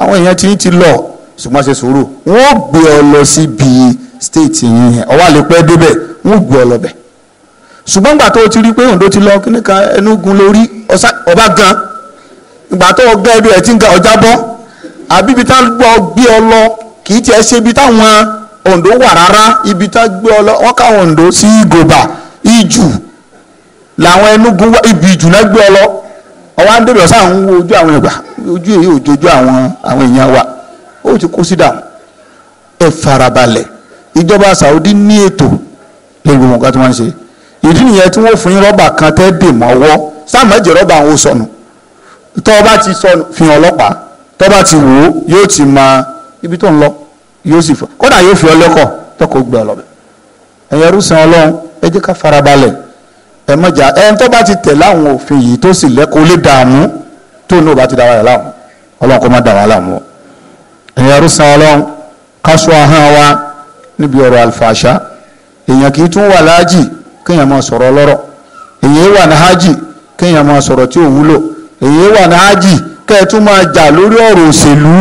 àwọn èèyàn ti ń ti lọ ṣùgbọ́n ṣe sùúrù wọ́n gbé ọ lọ síbi state yẹn ọwọ́ àlepẹ́ débẹ̀ wọ́n gbé ọ lọ bẹ̀ ṣùgbọ́n gbà tó o ti rí pé Ondo ti lọ kíní kan Enugu lórí ọba gan ìgbà tó o gbẹ́ ẹbí ẹ̀ ti ń ga ọjà bọ́ àbí ibi tá gbọ́ gbé ọ lọ kì í tiẹ̀ ṣe ibi táwọn Ondo wà rárá ibi tá gbé ọ lọ wọ́n ká Ondo sí Goba Iju làwọn Enugu ibi ìjùnà gbé ọ lọ ọwọ́ àdébẹ̀ ọ̀sán àwọn wo ojú àwọn ẹ̀gbà ojú èyí òjòjú àwọn àwọn èèyàn wa ó ti kó sí dànù ẹ farabalẹ̀ ìjọba Saudi ní ètò lórí gbogbo nǹkan tí wọ́n ń ṣe ìdí nìyẹn tí wọ́n fún yín rọ́bà kan tẹ́ dè mọ́wọ́ sáàmọ́jẹ̀ rọ́bà àwọn ò sọnù tọ́ ọ bá ti sọnù fi hàn ọlọ́pàá tọ́ ti wò ó yóò ti mọ ibi tó ń lọ yóò sì fọ kódà yóò fi ọlọ́kọ̀ tọkọ gbẹ ọlọ́bẹ ẹ̀yẹ rúṣin ọlọ́run ẹ ká farabalẹ̀ ẹ mọ̀jà ẹni tó bá ti tẹ̀ láwọn òfin yìí tó sì lẹ́kọ̀ọ́ lé dààmú tó ní o bá ti dà wàhálà láwọn ọlọ́run kò má dà wàhálà wọn. ẹ̀yin arúsàn ọlọ́run káṣọ ahọ́n wa níbi ọ̀rọ̀ àlùfàṣà èèyàn kì í tún wà láàjì kéèyàn máa sọ̀rọ̀ ọlọ́rọ̀ èèyàn wà kéèyàn máa sọ̀rọ̀ tí ò wúlò èèyàn wà máa jà lórí ọ̀rọ̀ òṣèlú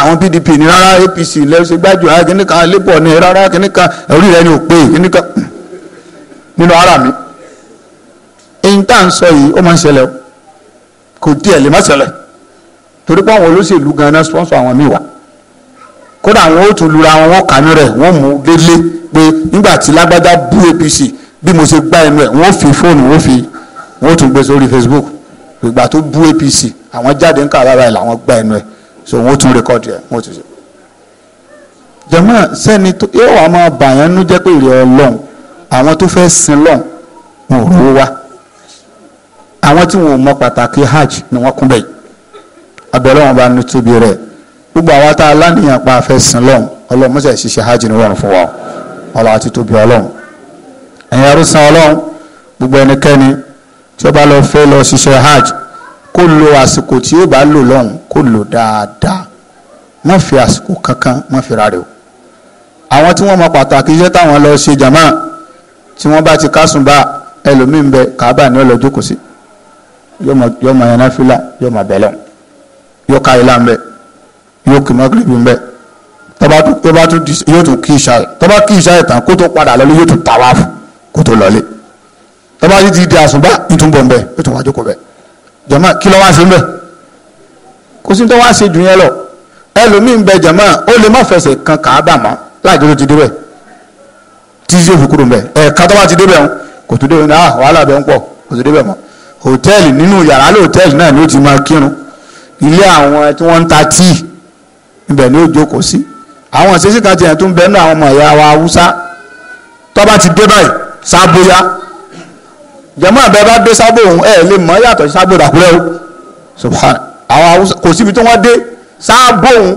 àwọn PDP rárá APC gbájú rárá ni ò pé nínú ara mi èyí tá à ń sọ yìí ó máa ń ṣẹlẹ̀ kò díẹ̀ lè má ṣẹlẹ̀ torí pé àwọn olóṣèlú gan sponsor àwọn míì wà kódà àwọn ó tún lura àwọn wọn kàánú rẹ̀ wọ́n mú délé pé nígbà tí lágbájá bú APC bí mo ṣe gbá ẹnu ẹ̀ wọ́n fi fóònù wọ́n fi wọ́n tún gbé sórí Facebook ìgbà tó bú APC àwọn jáde ń kà rárá ẹ̀ làwọn gbá ẹnu ẹ̀ so wọ́n tún rékọ́dì ẹ̀ wọ́n tún ṣe. jẹ̀mọ́ sẹ́ni tó yóò wá máa bàyàn nú jẹ́ pé ìrẹ̀ ọlọ́run àwọn tó fẹ́ sin lọ́n wọn ò rówó wá àwọn tí wọn mọ pàtàkì hajj ni wọn kún bẹ́ẹ̀ abẹ́rẹ́ bá ní tóbi rẹ̀ gbogbo àwọn tá a lánìyàn pa fẹ́ sin lọ́n ọlọ́run mọ́sẹ̀ hajj ni wọ́n fún wa ọlọ́run àti tóbi ọlọ́run ẹ̀yin gbogbo ẹnikẹ́ni tí bá lọ lọ ṣiṣẹ́ hajj kó lo àsìkò tí bá lò lọ́hùn kó lò dáadáa fi àsìkò kankan fi o àwọn tí mọ tí wọ́n bá ti kásùn bá ẹlòmíín bẹ kàábà ní ọlọ́jọ́ kò sí yóò mọ ẹ̀yàn fílà yóò mọ bẹ̀lẹ̀ yóò ká ilá ń bẹ yóò kì mọ́ gírígbì ń bẹ yóò tún kí ìṣá ẹ̀ tọ́ba kí ìṣá ẹ̀ tán kó tó padà lọ́lé yóò tún tàwa fún kó tó lọ́lé tọ́ba yìí ti di àsùnbà ìtúnbọ̀ ń bẹ yóò tún wájú kó bẹ jàmá kí ló wá ṣe ń kò sí tó wá ṣe jù yẹn lọ ẹlòmíín bẹ jàmá ó lè má fẹsẹ̀ kan kàábà mọ́ láàjọ́ tó ti dé bẹ́ẹ̀ títí yóò fi kúrò mbẹ ẹ kátó bá ti débẹ̀ ń kò tó débẹ̀ náà ah, wàhálà bẹ ń pọ̀ kò tó débẹ̀ mọ́ hòtẹ́ẹ̀lì nínú yàrá lóòtẹ́ẹ̀lì náà ni ó ti máa kírun ilé àwọn tí wọ́n ń ta tíì ibẹ̀ ni ó jókòó sí àwọn ìṣesí kan tiẹ̀ tó ń bẹ́ẹ̀ nú àwọn ọmọ ìyá wa haúsá tó bá ti dé báyìí sábóyá jẹ̀mọ́ àbẹ́ bá dé sábò òun ẹ̀ lè mọ́ yàtọ̀ sí dàkúrẹ́ o subhan àwọn haúsá kò síbi tó wọ́n dé sábò òun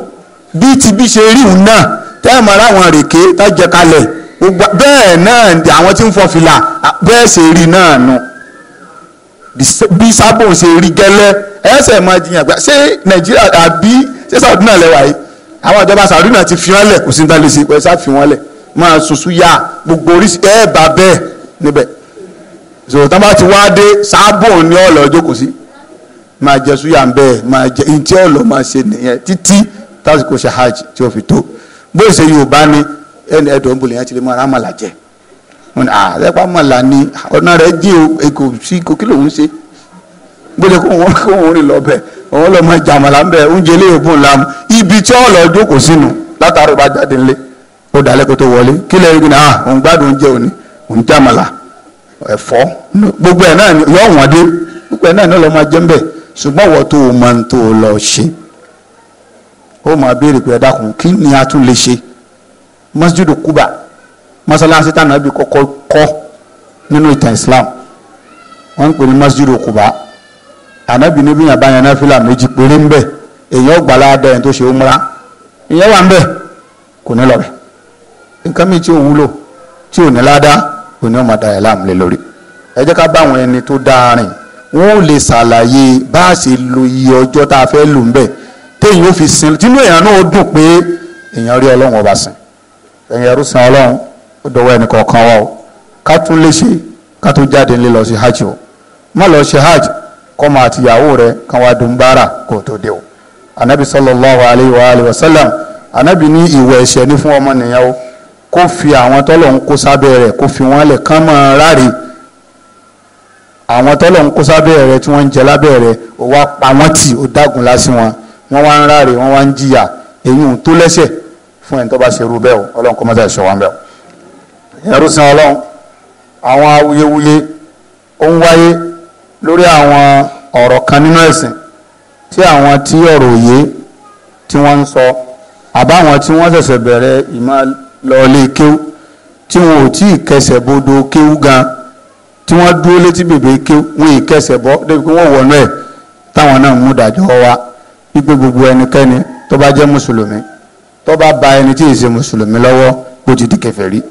bí ti bí ṣe rí òun náà tẹ́ẹ̀mọ́ ara àwọn rèké tá jẹ kalẹ̀ gbogbo bẹ́ẹ̀ náà àwọn tí ń fọ fìlà bẹ́ẹ̀ ṣe rí náà nu bí sábò ṣe rí gẹ́lẹ́ ẹsẹ̀ máa jiyàn gbà ṣé nàìjíríà àbí ṣé sàdúnà lẹ́wà yìí àwọn ìjọba sàdúnà ti fi wọ́n lẹ̀ kò sí ní tálẹ́sì pẹ̀ sá fi wọ́n lẹ̀ máa sunsun yá gbogbo oríṣi ẹ̀ bá bẹ́ẹ̀ níbẹ̀ ṣòro tán bá ti wá dé sábò ní ọ̀lọ́ jókòó sí máa jẹ súyà ń bẹ́ẹ̀ máa jẹ ìtí ọ̀lọ́ máa ṣe nìyẹn títí tásìkò ṣe hajj tí ó fi tó bó ṣe yorùbá ni ẹni ẹdọ ń bolè yẹn ti lè mọ ara màlà jẹ wọn ni àdẹ́pà màlà ni ọ̀nà rẹ̀ jí o èkó sí kò kí lòun ṣe gbọ́dọ̀ kó wọn kó wọn rìn lọ bẹ̀ òun lọ mọ jàmàlà ń bẹ oúnjẹ ilé ìbò ńlá mu ibi tí ó lọ jókòó sínú látàrí ó jáde ńlé ó dalẹ́ kó tó wọlé kí lẹ́yìn gbìn òun gbádùn oúnjẹ òní òun jàmàlà ẹ̀fọ́ gbogbo ẹ̀ náà yọ wọ́n dé gbogbo ẹ̀ náà ni ó lọ máa jẹ́ ń bẹ̀ ṣùgbọ́n wọ́n tó o máa ń tó o lọ ṣe ó máa béèrè pé ẹ dákun kí ni a tún lè ṣe masjidu kuba masalasi tànàbí kọ́kọ́ kọ́ nínú ita islam wọ́n ń pè ní masjidu kuba ànábì níbi yàn bá yàn náà fìlà méjì péré ń bẹ èèyàn gbàládà ẹni tó umra ìyẹn wà ń bẹ kò ní lọ bẹ nǹkan mi tí ò wúlò tí ò ní ládàá kò ní ọmọ dayà láàmúlẹ lórí ẹ jẹ́ ká báwọn ẹni tó dáa rìn wọn ò lè ṣàlàyé bá a ṣe lo iye ọjọ́ tá a fẹ́ lò ń bẹ téèyàn ò fi sin tínú èèyàn náà ó dùn pé èèyàn rí ọlọ́run ọba sìn ẹ̀yìn ẹrú san ọlọ́run ó dọwọ́ ẹnì kọ̀ọ̀kan wa o ká tún lè ṣe ká tún jáde nílé lọ sí hajj o má lọ ṣe hajj kọ́ máa ti yàwó rẹ kan wá dùn gbára kó tó dé o anabi sallallahu alayhi wa alayhi wa sallam anabi ní ìwẹ̀ ẹ̀ṣẹ̀ ní fún ọmọ nìyẹn o kó fi àwọn tọ́lọ̀ ń kó sábẹ́ rẹ̀ kó fi wọ́n lẹ̀ kán mọ́ ráre àwọn tọ́lọ̀ ń kó sábẹ́ rẹ̀ tí wọ́n ń jẹ lábẹ́ rẹ̀ ó wá pa wọ́n tì ó dágun lásì wọ́n wá ń ráre wọ́n wá ń jìyà èyí ò tó lẹ́sẹ̀ fún ẹni tó bá ṣe irú bẹ́ẹ̀ o ọlọ́run kó mọ́tà ṣe wọn bẹ́ẹ̀ o ẹrú sin ọlọ́run àwọn awuyewuye ó ń wáyé lórí àwọn ọ̀rọ̀ kan nínú ẹ̀sìn tí àwọn tí ọ̀rọ̀ òye tí wọ́n ń sọ àbáwọn tí wọ́n ṣẹ̀ṣẹ̀ bẹ̀rẹ̀ ìmọ̀ lọ́ọ́lé kéwú tí wọn ò tí ì kẹsẹ̀ bodò kéwú gan tí wọ́n dúró létí bèbè kéwú wọn ì kẹsẹ̀ bọ́ débi pé wọ́n wọnú ẹ̀ táwọn náà mú dájọ́ wa wípé gbogbo ẹnikẹ́ni tó bá jẹ́ mùsùlùmí tó bá ba ẹni tí ì ṣe mùsùlùmí lọ́wọ́ ó ti di kèfèrí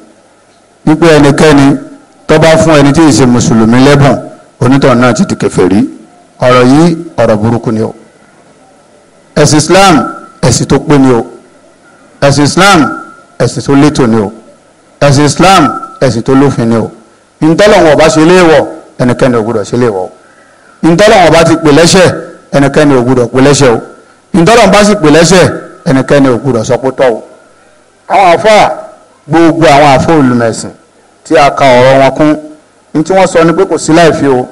wípé ẹnikẹ́ni tó bá fún ẹni tí ì ṣe mùsùlùmí lẹ́bùn onítọ̀hún náà ti di kèfèrí ọ̀rọ̀ yìí ọ̀rọ̀ burúkú ni o ẹ̀sìn Islam ẹ̀sìn tó pé ni o ẹ̀sìn Islam ẹ̀sìn tó létò ni o ẹ̀sìn Islam ẹ̀sìn tó lófin ni o ìtọ́lọ̀wọ̀n ọba ṣe léèwọ̀ ẹnikẹ́ni ò gbọ́dọ̀ ṣe léèwọ̀ ìtọ́lọ̀wọ̀n ọba ti pè lẹ́ṣẹ̀ ẹnikẹ́ni ò pè lẹ́ṣẹ̀ o ìtọ́lọ̀wọ̀n bá sì pè lẹ́ṣẹ̀ ẹnikẹ́ni ò gbúdọ̀ sọ pé tọ́ o àwọn àfa gbogbo àwọn àfa olùmẹ̀sìn tí a ka ọ̀rọ̀ wọn kún ní tí wọ́n sọ ni pé kò sí láìfi o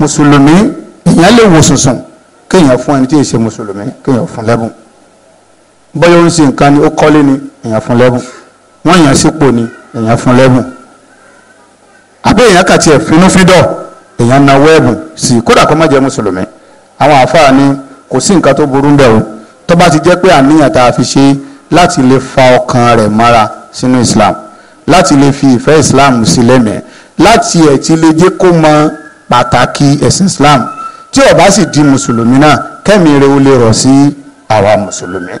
mùsùlùmí èèyàn lè wò sùnsùn kéèyàn fún ẹni tí èsè mùsùlùmí kéèyàn fún lẹ́bùn bóyá ń ṣe nǹkan ni ó kọ́lé ni èèyàn fún lẹ́bùn wọ́n èèyàn sípò ni èèyàn fún lẹ́bùn àbẹ́ èèyàn kàti ẹ̀ finúfídọ̀ èèyàn nawọ́ ẹ̀bùn sí kódà kó má jẹ́ mùsùlùmí àwọn àfáà ni kò sí nǹkan tó burú ń bẹ̀ o tó bá ti jẹ́ pé àníyàn tá a fi ṣe láti lè fa ọkàn rẹ̀ mára sínú Islam láti lè fi ìfẹ́ Islam sí lẹ́mẹ̀ẹ́ láti ẹ̀ ti lè jẹ́ kó mọ pàtàkì ẹ̀sìn Islam tí ó bá sì di mùsùlùmí náà kẹ́mi rẹ̀ ó lè rọ̀ sí àwa mùsùlùmí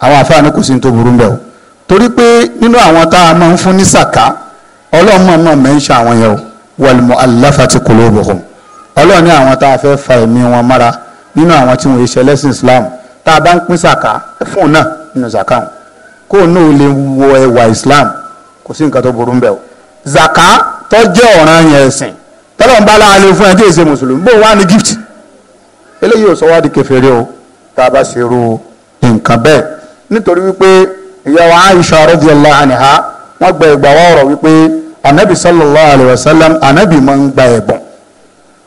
àwọn àfáàní kò sí ní tó burú ń bẹ̀ o torí pé nínú àwọn tá a máa ń fún ní sàká ọlọ́mọ náà mẹ́ńṣà àwọn yẹn o wal mu'allafati qulubuhum ọlọ́ọ̀ni àwọn tá a fẹ́ fa ẹ̀mí wọn mára nínú àwọn tí wọ́n ṣe lẹ́sìn Islam tá a bá ń pín sàká fún un náà nínú sàká wọn kó o náà lè wọ ẹwà Islam kò sí nǹkan tó burú ń bẹ o zaka tó jẹ́ ọ̀ràn yẹn ẹ̀sìn tọ́lọ̀ ń bá láàrin fún ẹ tí mùsùlùmí bó wà ní gift eléyìí ò sọ wá di kèfèrí o tá a bá ṣe irú nǹkan bẹ́ẹ̀ nítorí wípé ìyàwó Aisha radiyallahu anha wọ́n gba ìgbà wá ọ̀rọ̀ wípé anabi sallallahu alayhi wa sallam anabi máa ń gba ẹ̀bùn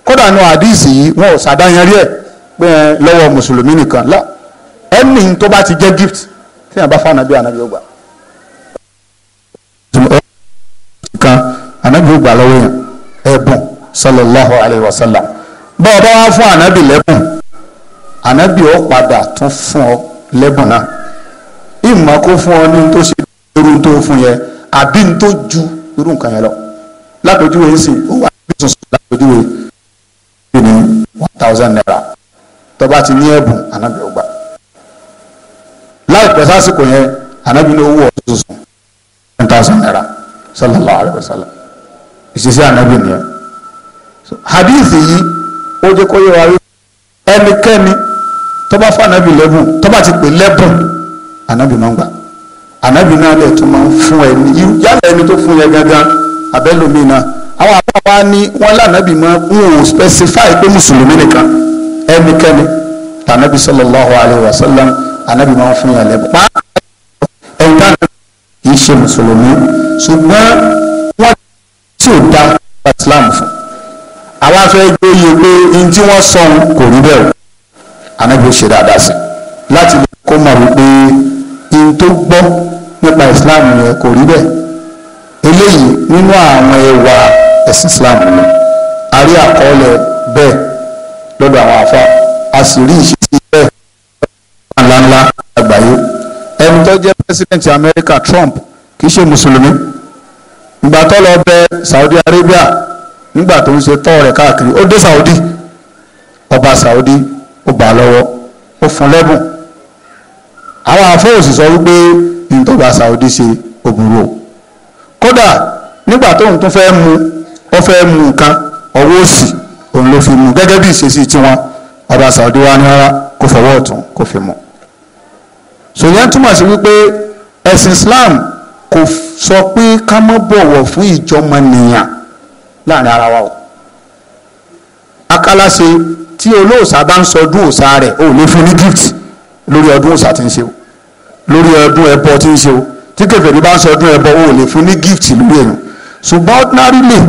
kódà nu àdìsí yìí wọn ò sàdáyanrí ẹ̀ pé lọ́wọ́ mùsùlùmí nìkan láà ẹni tó bá ti jẹ́ gift tí yàrá bá fún anabi anabi ó kan anabi ó lọ́wọ́ yẹn ẹ̀bùn sallallahu alayhi wa sallam bá ọba wa fún anabi lẹ́bùn anabi ó padà tún fún ọ lẹ́bùn náà ìmọ̀ kó fún ọ ní tó ṣe irú tó fún o àbí tó ju irú nǹkan yẹn lọ lápèjúwe ń sìn ó wà ní sísun lápèjúwe ní one thousand naira tó ti ní ẹ̀bùn anabi ó láìpẹ́ sásìkò yẹn ànábi ní owó ọ̀tún tuntun one thousand naira sallallahu alayhi wa sallam ìṣesí ànábi nìyẹn hadith yìí ó jẹ́ kó yẹ wa rí ẹnikẹ́ni tó bá fún ànábi lẹ́bùn tó bá ti pè lẹ́bùn ànábi máa ń gbà ànábi náà lè tún máa ń fún ẹni yálà ẹni tó fún yẹn gangan abẹ́lómi náà àwọn àbá wa ní wọn lànàbì máa ń wò specify pé mùsùlùmí nìkan ẹnikẹ́ni tànàbì sallallahu alayhi wa sallam anábì máa ń fún yàn lẹ́bùn pa ẹ̀yìn dáná kì í ṣe mùsùlùmí ṣùgbọ́n wọ́n islam fún àwa fẹ́ gbé pé n tí wọ́n kò rí bẹ́ẹ̀ o anábì ó ṣe dáadáa sí láti lè kó mọ̀ wípé n tó gbọ́ nípa islam yẹn kò rí bẹ́ẹ̀ eléyìí nínú àwọn ẹwà ẹ̀sìn islam ni a rí àkọọ́lẹ̀ bẹ́ẹ̀ lọ́dọ̀ àwọn àfa a sì rí ìṣesí ńlá àgbáyé ẹni tó jẹ́ president America Trump kì í ṣe mùsùlùmí ìgbà tó lọ bẹ Saudi Arabia nígbà tó ń ṣe tọ́ rẹ̀ káàkiri ó dé Saudi ọba Saudi ó bà lọ́wọ́ ó fún lẹ́bùn àwọn afọ́òsì sọ wípé ìtọ́ba Saudi ṣe òbúrò kódà nígbà tóun tún fẹ́ mu ó fẹ́ mu nǹkan ọwọ́ òsì òun ló fi mu gẹ́gẹ́ bí ìṣesí tiwọn ọba Saudi wa ní rárá kó fọwọ́ ọ̀tún kó fi mu sòyẹ́ túmọ̀ sí wípé ẹ̀sìn Islam kò sọ pé ká má bọ̀wọ̀ fún ìjọmọnìyàn láàrin ara wa o akálàṣe tí olóòṣà bá ń sọ ọdún òṣà rẹ̀ ò lè fún ní gift lórí ọdún òṣà tí ń ṣe o lórí ọdún ẹbọ tí ń ṣe o tí kèfèrí bá ń sọ ọdún ẹbọ ò lè fún ní gift lórí èèyàn ṣùgbọ́n ordinary lè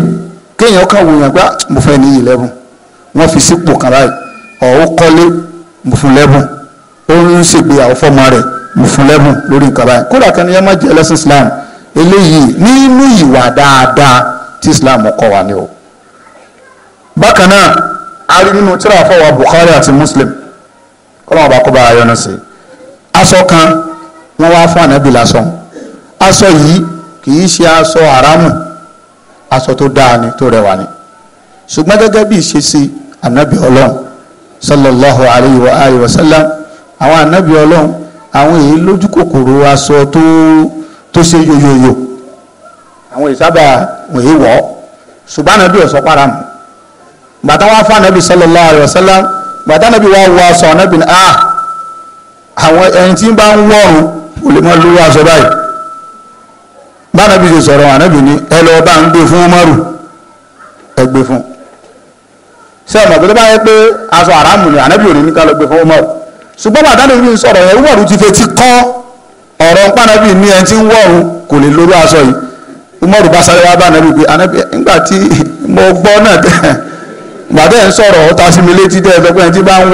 kéèyàn kàn wò yàn pé ah, mo fẹ́ ní eleven wọ́n fi sípò kan báyìí ọ̀ ó kọ́lé mo fún lẹ́bùn ó ń ṣègbéyàwó fọ́mọ rẹ̀ fúnlẹ́mù lórí nǹkan báyìí kódà kan ní ẹ má jẹ́ ẹlẹ́sìn islam eléyìí nínú ìwà dáadáa tí islam kọ́ wa ni o. bákan náà a rí nínú tíra àfọwà bukhari àti muslim kọ́nà ọba kó bá a yọnu sí i aṣọ kan wọ́n wá fún ànábì lásán aṣọ yìí kì í ṣe aṣọ àrámù aṣọ tó dáa ni tó rẹwà ni ṣùgbọ́n gẹ́gẹ́ bí ìṣesí ànábì ọlọ́run sallallahu alayhi wa alayhi wa sallam àwọn ànábì ọlọ́run àwọn èyí lójú kòkòrò aṣọ tó tó ṣe yoyoyo àwọn ìsábà wọ̀nyí wọ̀ ọ́ ṣùgbọ́n ànábì ọ̀sọ́ para mu gbàtà wà fún ànábì sallallahu alaihi wasallam gbàtà ànábì wà wọ aṣọ ànábì ní ah àwọn ẹni tí ń bá ń wọ̀rùn kò lè mọ lórí aṣọ báyìí bánabi ṣe sọ̀rọ̀ ànábì ní ẹ lọ bá ń gbé fún Umaru ẹ gbé fún sẹ́wọ̀n àgbẹ̀dẹ́ báyẹn pé aṣọ àràmù ni ànábì ò ní ní ká lọ gbé fún Umaru. ṣùgbọ́n bàtà ní ìlú sọ̀rọ̀ yẹn Umaru ti fetí kọ́ ọ̀rọ̀ pánábì ní ẹni tí ń kò lè lórí aṣọ yìí Umaru bá sáré wá bá ànábì pé ànábì nígbà tí mo gbọ́ náà bàtà ń sọ̀rọ̀ ọ̀tá sí mi létí pé ẹni tí bá ń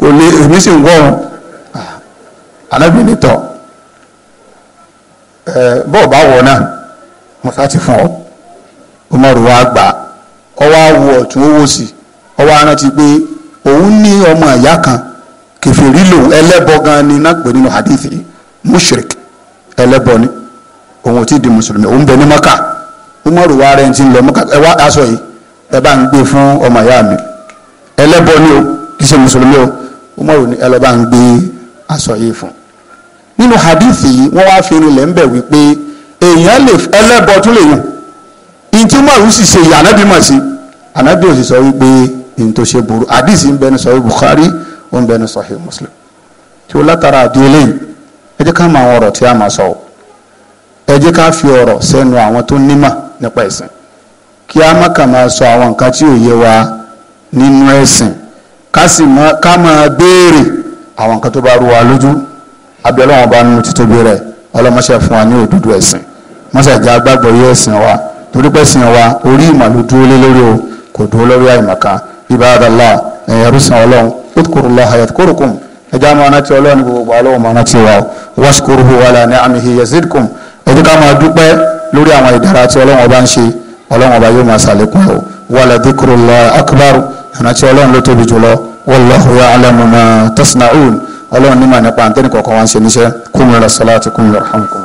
kò lè èmi sì ń nìtọ̀ bọ́ọ̀ bá náà mo ti fún ọ Umaru wá gbà kèfèrí lò ẹlẹ́bọ gan ni náà nínú hadithi mushrik ẹlẹ́bọ ni òun ò tí ì di mùsùlùmí òun bẹ ní maka umaru wa rẹ̀ ń ti lọ maka ẹ wá aṣọ yìí ẹ bá ń gbé fún ọmọ ìyá mi ẹlẹ́bọ ni o kì í ṣe mùsùlùmí o umaru ni ẹ lọ bá ń gbé aṣọ yìí fún nínú hadithi yìí wọ́n wá fi rinlẹ̀ ń bẹ̀ wípé èèyàn lè ẹlẹ́bọ tún lè yàn ìtí umaru sì ṣe ìyá anábì mọ̀ sí anábì ò sì sọ wípé ìntòṣe burú hadisi ń bẹnu sọ wípé Bukhari ó ń Muslim tí o látara àdúrà yìí ká mọ àwọn tí a máa sọ ẹ ká fi ọ̀rọ̀ sẹ́nu àwọn tó nímọ̀ nípa ẹ̀sìn kí a má kà máa sọ àwọn nǹkan tí ò yé wa nínú ká máa béèrè àwọn nǹkan tó bá rú wa lójú abiola wọn bá nínú fún wa ní òdodo ẹ̀sìn yé ẹ̀sìn wa torí wa orí dúró lé lórí o kò dúró ibadallah ẹ̀yẹ̀rú sàn ọlọ́run udkurullaha yadhkurkum ẹjọ́ àwọn anáti ọlọ́run gbogbo àlọ́wọ̀ mọ̀ anáti wa washkuruhu ala ni'amihi yazidkum ẹjọ́ ká máa dúpẹ́ lórí àwọn ìdára tí ọlọ́run ọba ń ṣe ọlọ́run ọba yóò máa ṣàlékún ẹ̀ wala dhikrullahi akbar anáti ọlọ́run ló tóbi jùlọ wallahu ya'lamu ma tasna'un ọlọ́run ní màá nípa àǹtẹ́nì kọ̀ọ̀kan wá ń ṣe níṣẹ́ kum ila salatikum yarhamkum